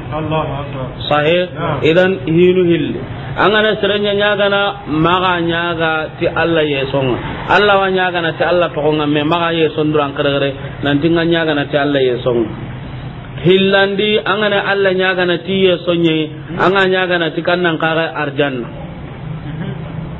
Speaker 2: sahe idan hinu hilli angana serenya ñagana maga ga ti allah yeesonga allah wa gana ti allah togonga me maga yeesonduran keregere nanti nga gana ti allah yeesonga hillandi angana alla nyagana tiye sonye anga ti tikannan kaga arjanna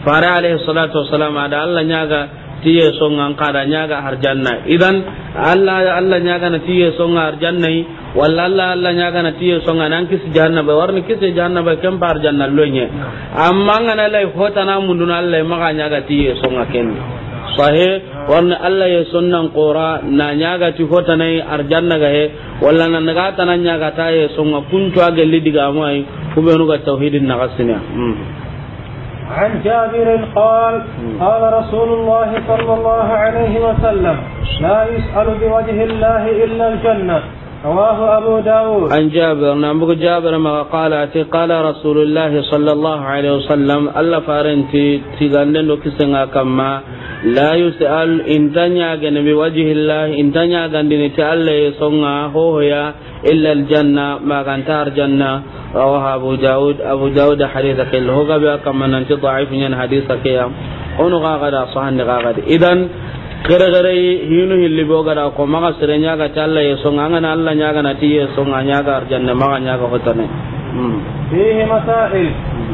Speaker 2: fara alaihi salatu wassalam ada alla nyaga tiye songa kada nyaga arjanna idan alla alla nyaga na tiye songa arjanna walla alla alla nyaga na tiye songa nan kis jahannaba warni kis jahannaba kem par janna nye amma ngana lay hotana munduna alla maga nyaga tiye songa kenni sahe warna allah ya sunnan kora na nyaga ti hota nai arjanna ga he walla na naga tanan nyaga ta ye sunga kuntu age lidi ga mai kubenu ga tauhidin na gasina
Speaker 1: عن جابر قال قال رسول الله صلى الله عليه وسلم لا يسأل بوجه الله إلا الجنة رواه أبو داود عن
Speaker 2: جابر نعم جابر ما قال أتي قال رسول الله صلى الله عليه وسلم ألا فارنتي تغنن كسنا كما لا يسأل إن تنياغن بوجه الله إن تنياغن دينتي تألي صنع هو إلا الجنة ما غنتار جنة رواه أبو داود أبو داود حديثك اللي هو قبل كما ننتي ضعيف من حديثك يا ونغاغد أصحان غاغد إذن kere kere hinu hilli bo gara ko maga sere nyaga talla ye nganga na alla nyaga na tiye nganga nyaga arjanna maga nyaga hotane
Speaker 1: فيه مسائل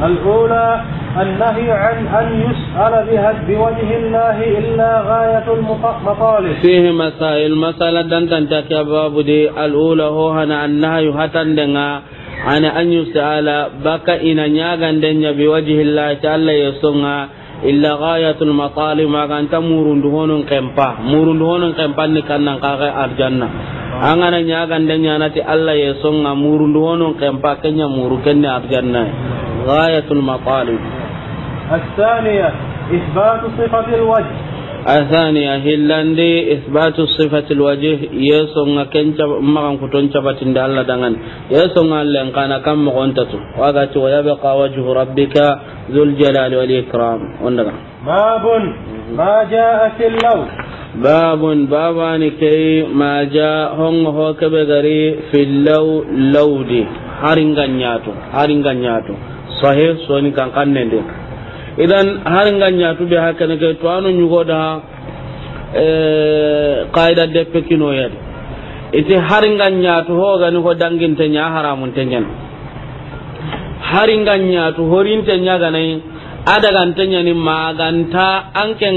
Speaker 1: الأولى النهي عن أن يسأل بها بوجه الله إلا غاية المطالب
Speaker 2: فيه مسائل مسألة دنتن تكي باب دي الأولى هو هنا النهي هتن دنا عن أن يسأل بك إن نياغن دنيا بوجه الله تعالى يسونا illa ghayatul matali maga ta murundu honun kempa murundu honun kempa ni kannan kaga arjanna angana nyaga ndenya nati alla yeso nga murundu honun kempa kenya muru kenya arjanna ghayatul matali
Speaker 1: الثانية إثبات صفة الوجه
Speaker 2: الثانية هلاندي إثبات صفة الوجه يسون كن مغان كتون شبت الله دعان يسون الله كان كم مغنتتو وقت ويبقى وجه ربك ذو الجلال والإكرام وندعا
Speaker 1: باب ما جاء في اللو
Speaker 2: باب بابان كي ما جاء هم هو كبغري في اللو لودي هارين غنياتو هارين غنياتو صحيح سوني كان كان ندي idan har nga bi be ne ke to anu nyugo da qaida eh, de pekino yadi ite har nga nyaatu ho ga ni ko dangin te nya haramun te nyen har nga nyatu horin te nya ga nay ada gan te nya ni maganta anken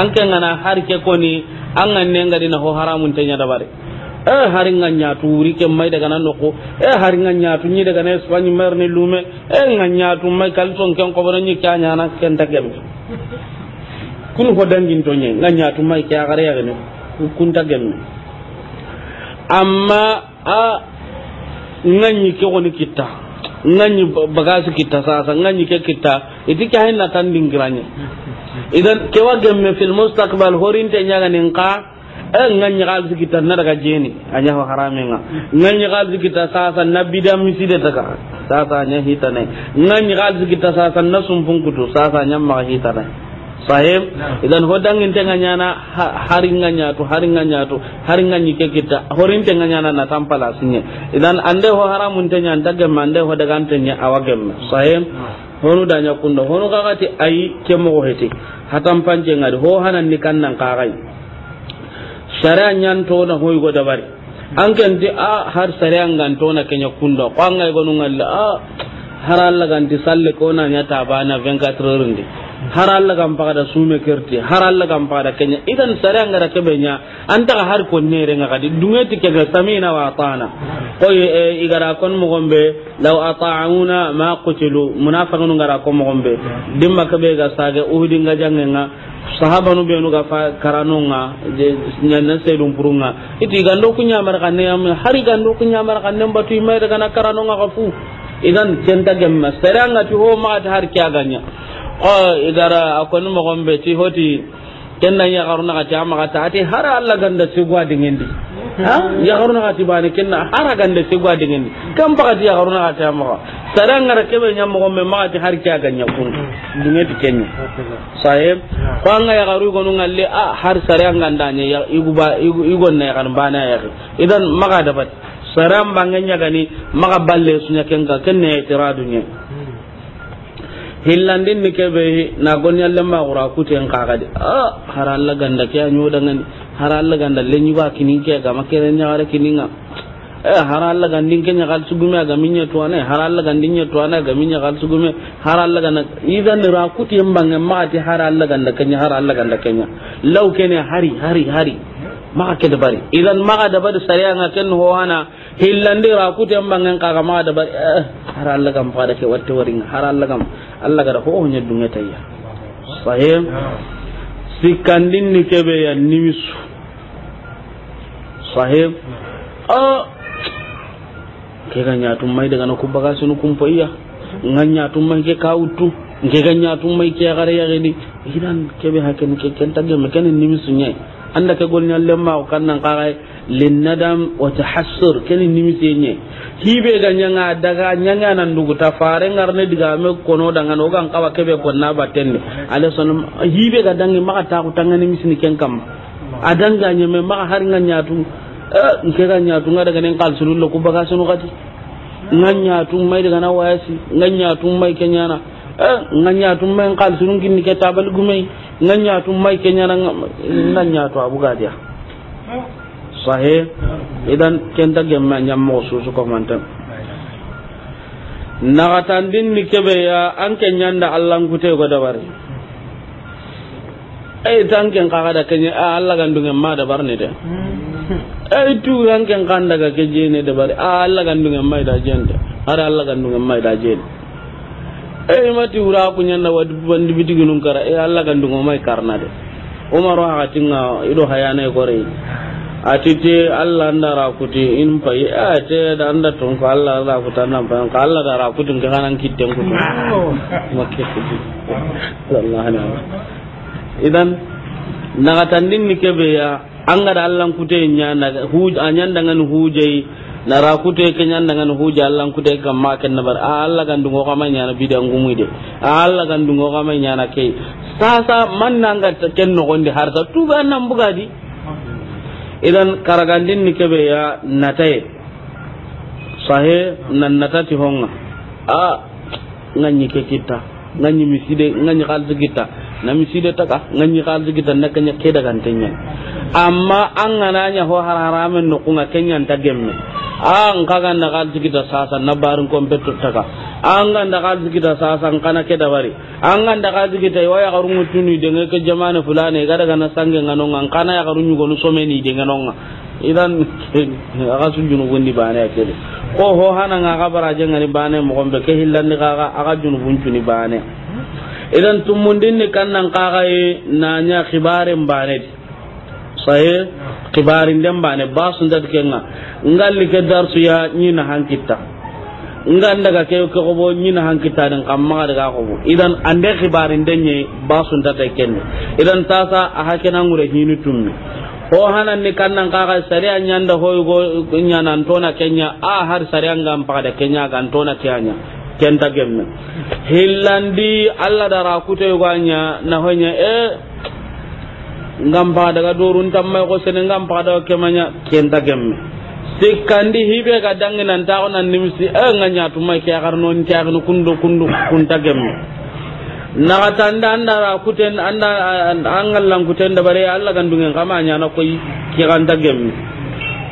Speaker 2: anken na har ke koni an nan ne ga na ho haramun te nya da bare e hari nga nyatu wuri ke mai daga nan ko e eh, hari nga nyatu ni daga na Spain mer ni lume e eh, nga nyatu mai kalton ken ko bana ni kanya na ken tagem kun ko dangin to nye nga nyatu mai kya gare ya ne kun tagem amma a nanyi ke woni kita nanyi bagasi kita sasa nanyi ke kita iti kya na tan dingiranya idan kewa gemme fil mustaqbal horinte nyaga ninka Eh, nganya kalsi kita na daga jeni anya ho haramenga nganya kalsi kita sasa na bida miside taka sasa anya hita ne kita sasa na sumpung kutu sasa anya ma hita sahib idan hodang intenganyana nganya na hari nya tu haringa kita horin te nganya na tampala sinye idan ande ho haramun te nya ndaga mande ho daga ante nya awagem sahib honu danya kundo honu kakati ai kemo heti hatam panje nikandang ho hanan kakai sharia ñantona go dabari an kenti a ah, har sharia na kenya kundo kwanga an ngay gonu a ah, har allah ganti salle ko na nyata bana 24 heures ndi har Allah gam da sume kerti har Allah gam da kenya idan sare an gara kebenya anta har ne renga kadi dunga tike ga samina wa atana ko e igara kon mo gombe law ata'una ma qutilu munafiqun gara kon mo gombe dimma be ga sage uhdi ga jangenga sahaba nu benu ga nga je nyanna dum purunga iti gando kunya mar ne am hari gando kunya mar ne batu mai daga na karanonga kafu idan kenta gemma sare an ga ti ho ma har kya ganya ko idara akoni mogon be ti hoti kenna ya garuna ka jama ka ta ati hara alla ganda sigwa di. ha ya garuna ka tibani kenna hara ganda sigwa dingindi kan baka ti ya garuna ka jama ka saran ngara kebe nyam mogon me ma ti har kya ganya kun dunye ti kenni sahib ko anga ya garu gonu ngalle a har saran ganda nya ya iguba igon na ya kan bana ya idan maka dapat saran bangenya gani maka balle sunya kenga kenne ya tiradunya hillandin ni kebe na gonya lemma gura kuten kaga de ah har Allah ganda ke anyo dangan har Allah ganda lenyi ba kinin ke ga makere nya wara kininga eh har Allah gandin kenya gal sugume ga minya to ne har Allah gandin nya to ne ga minya gal sugume har Allah ganda idan ra kuti mbanga ma ti har Allah ganda kenya har Allah ganda kenya law kene hari hari hari ma ke da bari idan maka da bari sariya nga ken ho wana hillandi ra kuti ka ga ma da bari eh har Allah gam da ke watte warin har Allah gam Allah gara ko honya dunya tayya sahih sikandin ni kebe ya nimisu sahih a ke ganya tun mai daga na kubba ga sunu kun iya ganya tun mai ke kawutu ke ganya tun mai ke gare ya gani idan kebe hakan ke kenta ga mekanin nimisu nyai anda ke golnya lemma kan nan kagai linnadam wa tahassur keni nimise ne hibe ga nyanga daga nyanga nan dugu ta fare ngarne diga me kono daga no gan kawa kebe ko na baten ale son hibe ga dangi maka ta ku tangani misini ken kam adanga nye me maka har nga nyatu eh nke ga nyatu nga daga nen kal sunu lo ku baga sunu gati nga nyatu mai daga na wayasi nga nyatu mai kenyana eh nga nyatu mai kal sulu kin ke tabal gumai nga nyatu mai kenyana nga nyatu abuga dia sahih idan kenta gemma su su ko manta gatan din ni kebe ya an ken nyanda allah ngute go bari ay eh, tan ken kaga da kenye ah, allah gandunge ma bar ni de ay eh, tu ran ken kanda ga ke jene dabari ah, allah gandunge ma da jende ara allah gandunge ma da jende eh, ay mati ura ku nyanda wadi bandi bidigunun kara ay allah gandunge ma karna de umar wa hatinga ido hayana gore atite allah anda rakuti in pai ate da anda tun ko allah rakuta nan pai ko allah da rakuti ga kanan kitten ku makke allah na idan naga tandin ni kebe ya an ga da allah kute nya na hu anyan da ngan jai na rakute ke nyan da ngan jai allah kute ga maken na bar allah kan dungo kama nya na bidan gumu de allah kan dungo kama nya na kai sasa man nan ga ken no gonde har ta tuba nan bugadi idan karagandin ni kebe ya nataye sahe nan natati honga a nganyi ke kita nganyi miside nganyi kalsi kita na miside taka nganyi kalsi kita na kanya ke daga amma an gananya ho har haramen no kenya ta gemme a an kaga na kalsi kita sasa na barin kompetu taka an ga da kazi kita sasan kana ke dabari an ga da kazi yi wa ya garun mutuni da ka ke na fulani ga daga na sangen ganon an kana ya garun yugo so me ni de ganon idan aga (laughs) sun junu gundi bane ake ko ho hana ga gabara je ngani bane mo gombe ke hillan ni ga aga junu bunchuni bane idan kan ni ka kaga na nya khibarin bane sahe khibarin den bane basun dat kenga ngalli ke darsu ya ni na hankita. ngan daga ke ko bo nyina hankita dan kamma daga ko idan ande khibarin denye basun ta teken idan sa a hakena ngure hinu tummi ho hanan ni kannan sare sariya yanda ho go to na kenya a har sariya ngam da kenya ga antona kenya kenta gemme hillandi alla dara go gwanya na nya e ngam pada ga dorun tamma ko sene ngam pada kemanya kenta gemme kandi hibe ga dangi nan ta ko nan nimsi e nga tu ma ke gar non ke gar kundo kundo kun tagem na ga tanda ra kuten anda lang kuten da bare Allah dungen kama nya na koyi ke gan tagem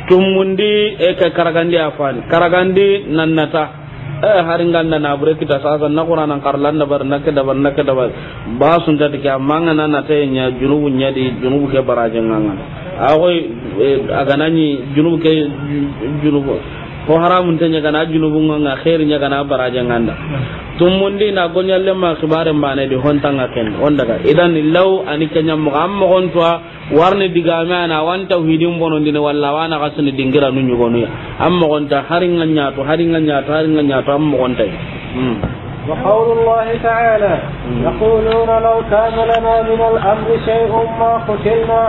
Speaker 2: tumundi e ka karagandi afan karagandi nan nata eh harin ganda na bure kita sasa na qur'ana karlan da bar nake da bar nake da bar ba sun da take amma ngana na tayenya junubun di junub ke barajen ngana eh, aga aganani junub ke junub ko haramun tanya kana junubun nga khair nya kana baraja nganda tumundi na gonya ma kibare mbane di honta nga ken on daga idan illau ani kanya mo am mo on warne diga mana wan tauhidin bonon dine walla wana kasni dingira nunyu gonu ya am mo on haringa nya to haringa nya haringa nya am mo
Speaker 1: وقول الله تعالى يقولون لو كان لنا من شيء ما قتلنا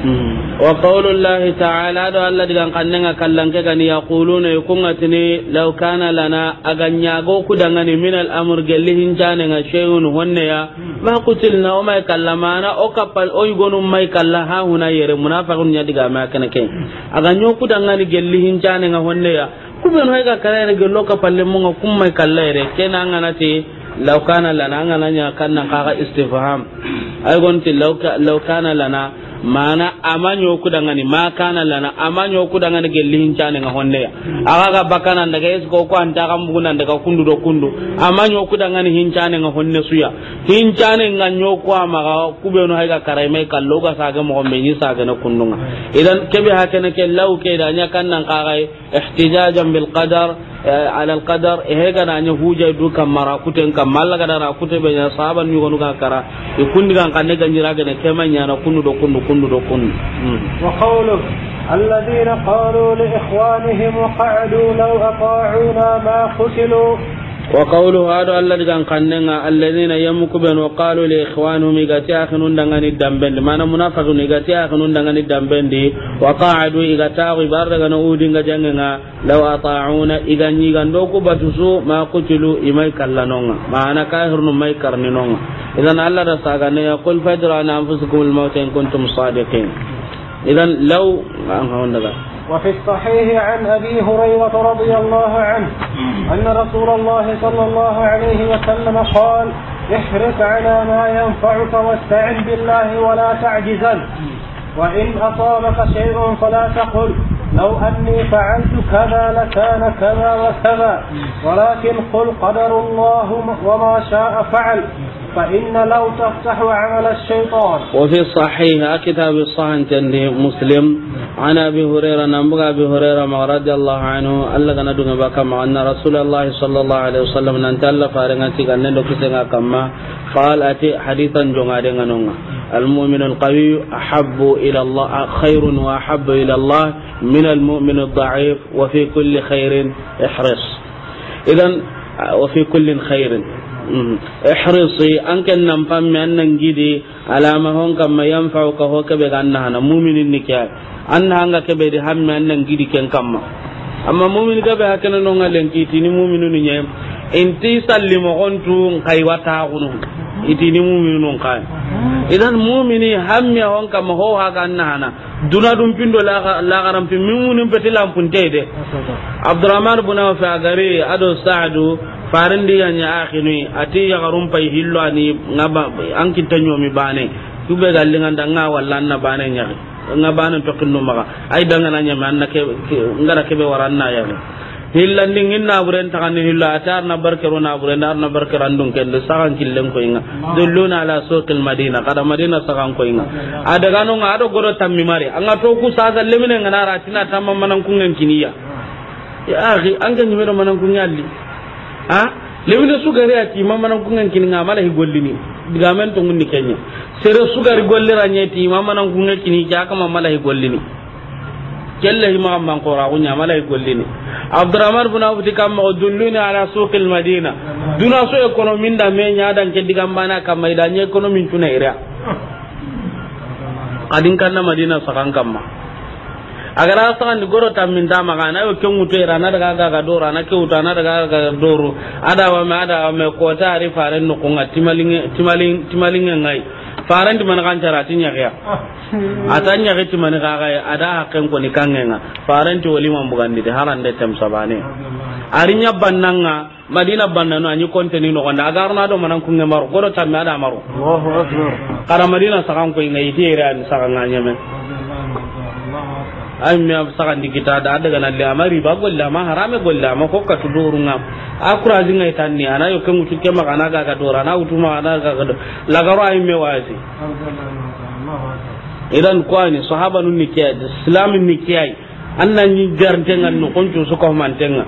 Speaker 2: Mm. wa qawlu llahi ta'ala do alla digan kanne nga kallanke gani yaquluna yukungatini law kana lana aganya go kudanga ni min al amr gelli hinjane nga shay'un honne ya mm. ma qutilna o may kallamana o kapal o yugonu may kallah ha huna yere munafiqun ya diga ma kanake mm. aganyo kudanga ni gelli hinjane nga honne ya kubin hoy ga kare ne gelo kapal le mun ga kum may kallah yere kenanga na ti law kana lana nga nya kanna kaga istifham ay gonti law kana lana mana amanyo kudanga ni makana lana amanyo kudangani ni cane nga honne ya aga ga bakana daga esko ko anta ga mbuna daga kundu do kundu amanyo kudanga ni cane nga honne suya hin cane nga nyo ko amaga kube no haiga mai kallo ga saga mo gombe ni saga na kundunga idan kebe hakana ke law ke da nya kannan qaga ihtijajan bil qadar Eh, ala alqadar he gana nya huja du kam mara malla gada ra be nya sahaban mi gonu kan kara e kundi kan ganjira na kundu do kundu kundu do hmm.
Speaker 1: wa qawlu qalu li ikhwanihim wa qa'du law ata'una
Speaker 2: وقوله هذا الذي كان قننا الذين يمكبن وقالوا لإخوانهم إغتيا خنون دنغن الدنبند ما أنا منافق إغتيا خنون دنغن الدنبند وقاعدوا إغتاغوا باردغن أودين جنغنا لو أطاعونا إغني غندوكو بتسو ما قتلوا إمي كالنونا ما أنا كاهر نمي كرننونا إذن الله رساقنا يقول فادروا عن أنفسكم الموت إن كنتم صادقين إذن لو ما هون
Speaker 1: وفي الصحيح عن أبي هريرة رضي الله عنه أن رسول الله صلى الله عليه وسلم قال احرص على ما ينفعك واستعن بالله ولا تعجزن وإن أصابك شيء فلا تقل لو أني فعلت كذا لكان كذا وكذا ولكن قل قدر الله وما شاء فعل فإن لو تفتح عمل الشيطان
Speaker 2: وفي الصحيح كتاب الصحيح تندي مسلم عن أبي هريرة نبغى أبي هريرة رضي الله عنه ألا غندون بكما أن رسول الله صلى الله عليه وسلم ننتهى فارنتي غنن كسنا كما قال أتي حديثا جمعنا المؤمن القوي أحب إلى الله خير وأحب إلى الله من المؤمن الضعيف وفي كل خير احرص إذا وفي كل خير ihrisi an kan nan pamme an nan gidi alama hon kam ma yanfa'u ka ho kebe ga anna na mu'minin ni kya an hanga kebe di hamme an nan gidi ken kamma amma mu'min kebe hakana no ngalen kiti ni mu'minu ni nyem inti sallimo gontu kai wata gunu itini mu'minu non idan mu'mini hamme hon kam ho ha ga anna duna dum pindo la la garam pin min munum beti lampun tede abdurrahman ibn awf agare ado saadu farindi yanya akhini ati ya garum pai hillo ani ngaba an kitanyo mi bane kube gallinga danga wallan na bane nya nga bane to kinno maga ai danga nanya man na ke ngara kebe waranna ya hillandi inna buren takani hillo atar na barkero na buren na barkero andun kende sakan killen ko inga dulluna ala suqil madina kada madina sakan ko inga adaga no ado goro tammi mare anga to ku saga lemine ngana ratina tamman manan kungan kiniya ya akhi an ga nyimero manan kungalli ha lemine sugari ati mamma manan kungan kininga mala hi gollini digamen to ngunni kenya sere sugari gollira nyeti mamma manan kungan kini ja kama mala hi gollini kelle hi mamma ko ra kunya mala hi gollini abdurrahman ibn auf tikam madina duna so economy da me nya dan ke digam bana kam mai dan economy tuna ira kadin kan na madina sakan kam ma agara sakan ni goro tam min dama ga na ke mutu ira na daga ga ga dora na ke uta na ga doro ada wa ko ta ari faran no ko ngatimalin timalin timalin ngai faran di man kancara tinya kya atanya ah. ke timani kaga ada hakken ko ni kangenga faran ti wali man bugan di haran de tem sabane arinya bannanga madina bannano anyi konteni no gonda agar na do manan kunge maro godo tamme ada maro allahu akbar kara madina sakan ko inga ite ira sakan nganya men ay mi sakan dikita da daga na le amari ba golla ma harame golla ma ko ka tudurunga akura zinga itanni ana yo kan utu ke magana ga ga dora na utuma magana ga ga la garo ay me wazi idan kwani sahaba nun nikiya islam nikiya annan ni gartenga no konjo su ko mantenga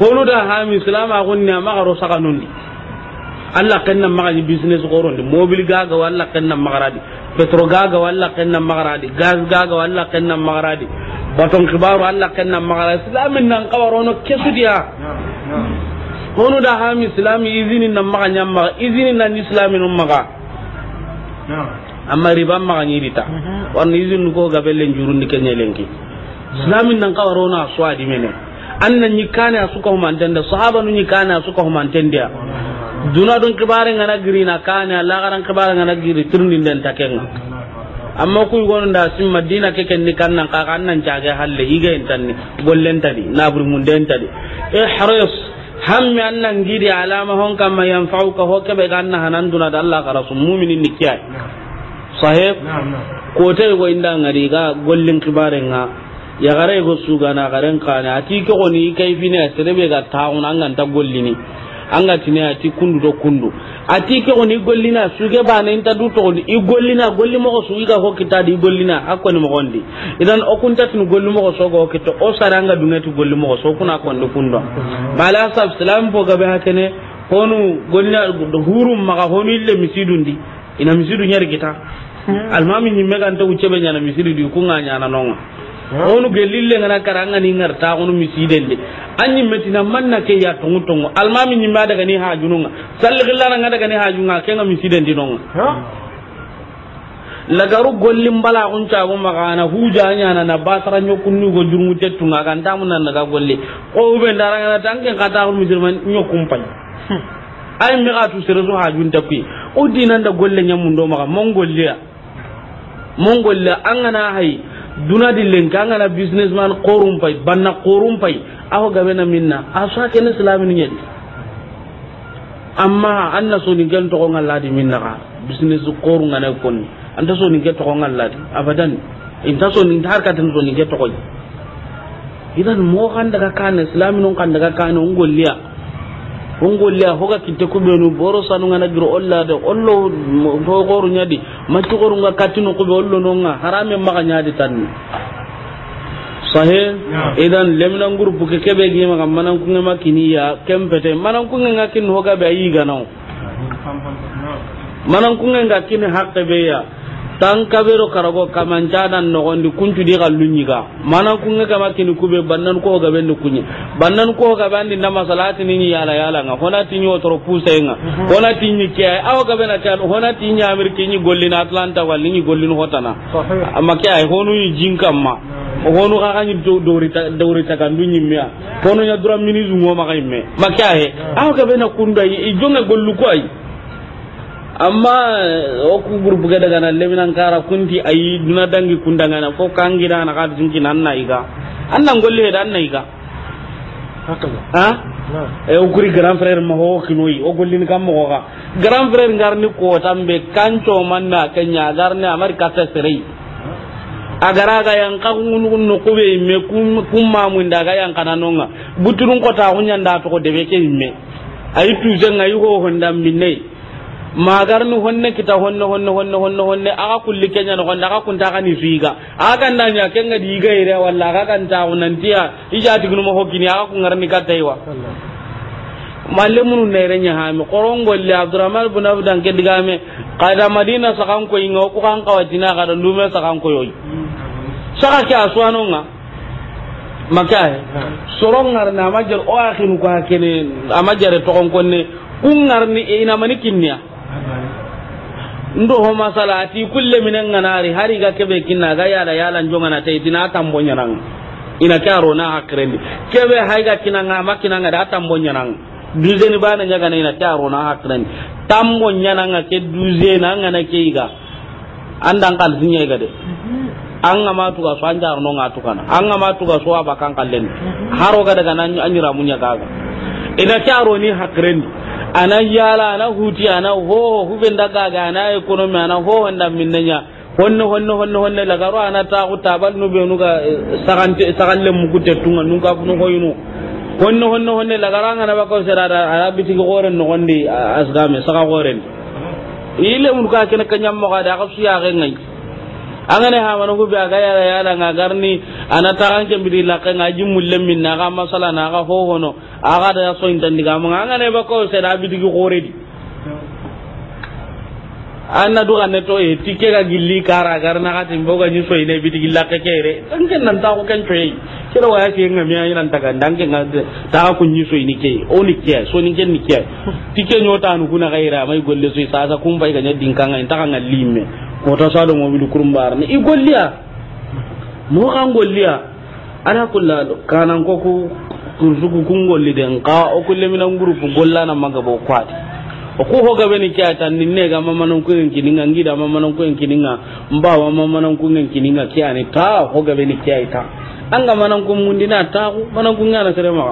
Speaker 2: kono da ha mi islam a ma garo sakanun Allah kenna magani business goro di mobil gaga walla kenna magaradi petro gaga walla kenna magaradi gas gaga walla kenna magaradi baton kibaru Allah kenna magaradi islamin nan no kesudia honu da ham islami izini nan maganya maga izini nan islami nun maga amma riba magani dita wannan izini ko gabelen jurundi kenya lenki islamin nan kawarono aswadi mene annan yikana suka humantenda sahaba nun yikana suka humantenda duna dun kibare ngana na kana Allah garan kibare ngana giri turnin den
Speaker 3: takenga
Speaker 2: amma ku gonon da sim madina ke ken ni kanna ka kannan jage halle higa ni gollen tadi na bur mun den tadi ihris e hammi annan giri alama hon kam ma yanfa'uka ho ke be ganna hanan duna da Allah karasu mu'minin ni kiyai sahib ko te go inda ngari ga gollen kibare nga ya gare go sugana garan kana ati ke goni kai fini asrebe ga taun an ganta gollini anga a ti kundu do kundu a ti ke su ke suge bana inta du to on igollina golli mako su iga ho kita di igollina a ni mo gondi idan o kunta tin golli mako so go kito o saranga dungati golli mako so kuna ko ndo kundo bala sab salam bo gabe hakene honu gollina hurum maga honu ille misidundi ina misidu nyar kita hmm. almami nyimme kan to ucebe nyana misidu di kunga nyana nonga onu gelille ngana karanga ni ngarta onu misiden de anyi metina manna ke ya tungu tungu almami ni ma daga ni hajununga salligilla nga daga ni hajunga ke nga misiden di nonga lagaru gollin bala kun cago magana huja nya na basara nyokunni go jurmu na kan na naga golle o be ndara na tanke kata musirman nyokum pany hmm. ay mi gatu ha hajun tapi o dinan da golle nyamundo maga mongolia mongolia angana an gana hay duna lenka ka ngana businessman qorum pay banna qorum pay aho gabe na minna aswa ken islamin ngel amma anna so ni gel to ngalla di minna ka business qorum ngana konni anta so ni gel to ngalla di abadan inta so ni har ka tan so ni gel to idan mo kan daga kan islamin kan daga kan golliya ungulya hoga kinte kubenu boro sanu ngana giro olla de ollo to nyadi mantu goru nga katinu kube ollo nonga harame maga nyadi tanni sahe idan lemna ngurupu ke kebe gi maga manan kunga makini ya kempete manan kunga ngakin hoga be ayi ganao manan kunga ngakin hakke be ya tan kabero karago kamancanan nogondi kuncudi gallunñiga mana kunge kama kini kube bannan ko gabendi kuñi bannan ko gabe andi na masalatiniñi yala yalanga honatiñi nga. hona mhm. honatiñi ke ay awa gabenati honatiñi amirkiñi gollina atlanta walliñi gollin hotana amma ke ay honuñi jinkamma honu ka kanyi dori takandu nyimmea mhm. honu ya dura minizu ngoma kaimme makya he mhm. awa gabe bena kunda i jonga gollu ko ay amma oku burbuga daga lemin an kara kunti ayi duna dangi kundanga na ko kangira na kar jinki nan na iga annan golle da annan iga haka ha e o guri grand frère ma ho kinoi o gollin kam mo ga grand frère ni ko tambe kancho manna kenya ni amerika ta sirai agara ga yang ka ngun no ko be me kum kum ma mun daga yang kana nonga buturun ko ta hunya nda to ko debe ke me ayi tuzen ayi ho honda minne magar nu honne kita honne honne honne honne honne aga kulli kenya no honne aga kunta ga ni figa aga nanya kenga diga ire walla aga kan ta wonan onantia ija dignu mo hokini aga kun garmi kungarni kataiwa ne renya ha mi qoron golle abdurrahman ibn abdan ke me qada madina sakan ko ingo ko kan kawatina kada ndume sakan ko yoy saka ke aswano nga makae soron ngarna majar o akhinu ko hakene amajar to kon konne kun ngarni ina manikinnya ndo ho masala ati kulle minen nganari hari ga kebe kinna ga yala yala njonga na tayi dina tambo nyanang ina karo na hakrendi kebe hay ga kinanga makina ga tambo nyanang ni bana nyaga na ina karo na hakrendi tambo nyananga ke na anga na keiga andan kal zinya ga de an ga matu ga so an jar no kana an ga matu ga so abakan kallen haro ga daga nan anyira munya ga ina karo ni hakrendi ana yala ana huti ana ho huben daga ga ana economy ana ho wanda minnya honno honno honno honno la garo ana ta ku tabal nu be nu ga eh, sagante sagalle mu ku tunga nu ga nu hoyinu honno honno honno la garanga na ba ko sera da arabiti ko goren no gondi asgame saga gore ile mun ka kene kanyam mo ga da ka suya ga ngai angane ha manugo be aga yala yara nga garni ana taran ke bidi la ka ngaji mulle min na ga masala na ga ho hono aga da so intan diga mun angane ba ko se da bidi gi horedi anna du ganne to e tike ga gilli kara gar na gatin boga ni soyi ne bidi gilla ka kere ken nan ta ko ken toyi kira waya ke ngam ya nan ta kan ken ga ta ko ni soyi ni ke o ni ke so ni ken ni ke tike ta nu kuna gaira mai golle soyi sasa kun kumbai ga ne kan ga ta kan limme ko ta do mo bi kurum bar ni i golliya mo kan golliya ala kullal kanan ko ku kursuku kun golli den ka o kullemina group gollana magabo kwati ku ho gabe ni kya tan ninne ga mamanan ku ngi kininga ngida mamanan ku ninga mba wa mamanan ku ngi ninga kya ni ta ho gabe ni kya ita an ga manan ku na ta ku manan ku ngana sare ma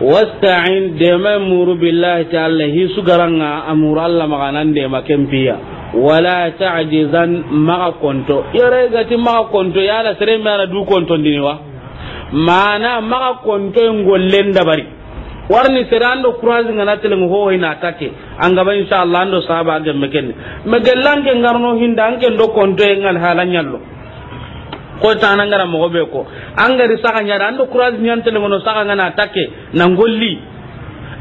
Speaker 2: wasta'in de ma muru billahi ta'ala hi sugaranga garanga amuru Allah maganan de ma kempiya wala ta'jizan ma konto yare ga ti ma konto yala sare ma na du konto ndini wa mana ma konto lenda dabari warni sere ando croising na teleng ho ina take anga ba insha Allah ando sahaba ga meken megelange ngarno hinda anke ndo konto hala halanyallo ko tana ngara mo be ko angari saka nyara ando croising yan teleng no saka ngana take na ngolli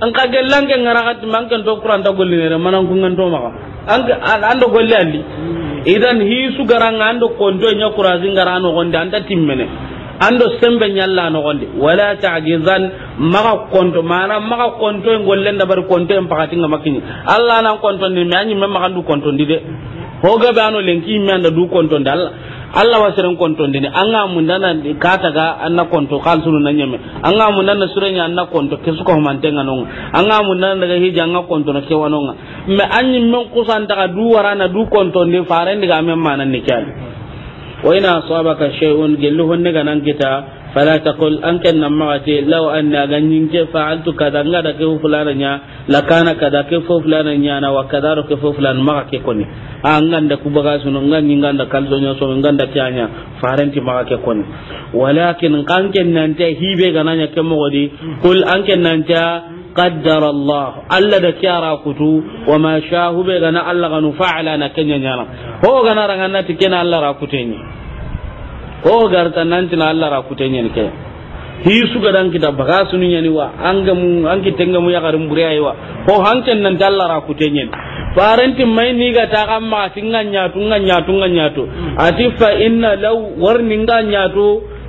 Speaker 2: an ka gelange ngara kat manke ndo kuran ta golli ne manan ku ngando maka an ando golli ali idan hi su garan garanga ando konto nya croising garano gonda ta timmene ando sembe nyalla no gonde wala ta'jizan maga konto mana maga konto ngolle nda bar konto en pakati nga makini alla nan konto ni mi anyi memma kandu konto ndide ho ga bano lenki mi anda du konto ndal alla wasiran konto ndine anga mundana kata ga anna konto kal sunu nan nyame anga mundana surenya anna konto kesu ko mantenga non anga mundana daga hija anga konto na wanonga me anyi men kusan daga du warana du konto ndi farende ga memma nan nikali wa ina asabaka shay'un ke fa'altu kadan ga da ke fulananya la kana kadan ke fulananya na wa kadaru ke fulan ma ka koni an nan da ku baga sunan nan yin ganda kan don ya walakin kan kenan ta hibe ganan ya kemo godi kul an kenan ta qaddara Allah Allah wa ma shahu be gana Allah ganu fa'ala na kenya nyana ho gana rangana tikena Allah ra kutenye ho garta nan tina Allah kutenye ne kai hi su ga dan kita baga sunu wa an ki tanga mu ya garin buriya wa ho hankan nan Allah ra kutenye faranti mai ni ga ta kan ma tinga nya tunga nya tunga nya to atifa inna law warninga nya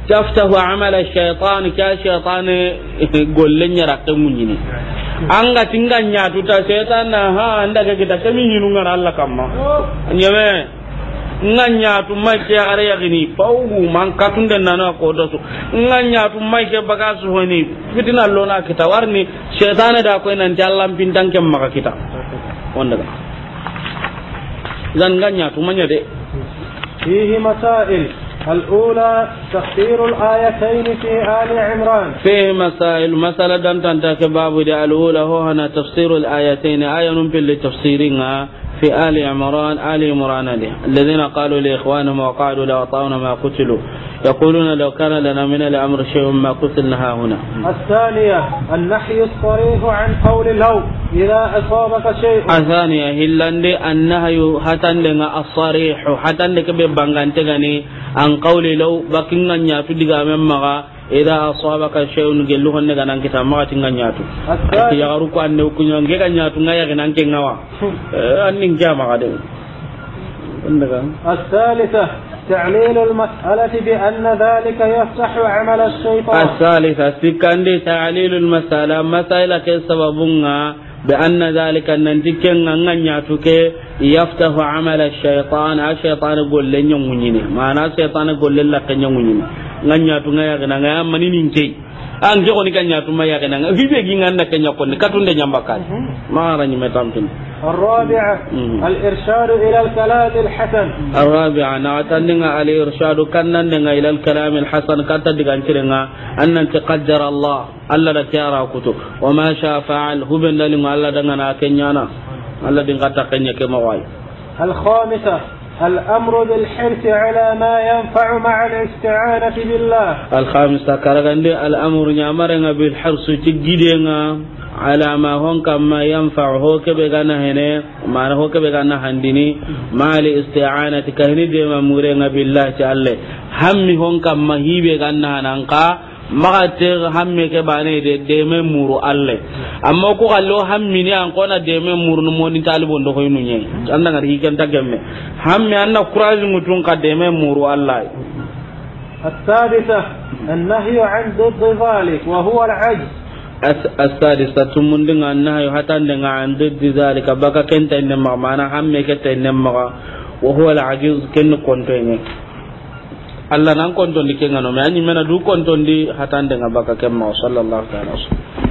Speaker 2: taftahu amala shaytan ka shaytan eh, gollen ya rakke munyini an ga tinga nya tuta shaytan na ha anda ga kita kami hinu ngar Allah kamma nyame nganya tu mai ke are ya gini pawu man katun den nano ko do ngan nganya tu mai ke baga su hani fitina lona kita warni shaytan da ko nan jallan bintang ke maka kita wanda ga zan nganya tu manya de
Speaker 1: fihi masail الأولى تفسير الآيتين في آل عمران
Speaker 2: فيه مسائل مسألة دانتا باب الأولى هو هنا تفسير الآيتين آية نمبل لتفسيرها في آل عمران آل عمران الذين قالوا لإخوانهم وقعدوا لو ما قتلوا يقولون لو كان لنا من الأمر شيء ما قتلنا ها هنا
Speaker 1: الثانية النحي الصريح عن قول الهو إذا أصابك
Speaker 3: شيء
Speaker 2: الثانية هلاندي النهي هتن الصريح هتن لك ببانغانتغني عن قول لو بكنا نياتو دقامين ida asabaka shay'un gellu honne ganan kita magati nganyatu ati yagaru ko anne kunyo nge ganyatu ngaya ganan ke ngawa annin jama gade
Speaker 1: الثالثة تعليل المسألة بأن ذلك يفتح عمل الشيطان
Speaker 2: الثالثة سكان دي تعليل المسألة مسألة سببنا بأن ذلك أن نتكن أن يفتح عمل الشيطان الشيطان يقول لن يمونيني معنى الشيطان يقول لن يمونيني nganya tu ngaya kana ngaya manini nje an je ko ni kanya tu maya kana vive gi nganda kanya ko ni katunde nyambakan mhm. mara ni metam metamtin
Speaker 1: الرابعة الإرشاد إلى الكلام الحسن
Speaker 2: الرابعة نعتنى على الإرشاد كنا كننا إلى الكلام الحسن كنت دقانتنا أن تقدر الله ألا تيارا كتب وما شاء فعل هو بن لنا ألا دقنا كنيانا ألا دقنا كنيا كما
Speaker 1: الخامسة الأمر بالحرص على ما ينفع مع الاستعانة بالله
Speaker 2: الخامس كرغند الأمر نعمرنا بالحرص تجدنا على ما هون كما ينفع هو كبغانا هنا ما هو كبغانا هندني مع الاستعانة كهني دي مامورنا بالله تعالى هم هون كما هي بغانا هنانقا maga ter hamme ke bane de deme muru alle amma ko allo hammi ni an kona deme muru no moni talibo ndo ko yunu nyen anda ngari kan tagamme hamme anna kuraji mutun ka deme muru alle
Speaker 1: الثالثة النهي عن ضد ذلك
Speaker 2: وهو العجز السادسة من دون أنها يحتاج عن ضد ذلك بقى كنت إنما معنا هم كنت إنما وهو العجز كن كنت إنما allah nan kontondi kengano me anyi mena hatan kontondi nga baka kemma sallallahu ta'ala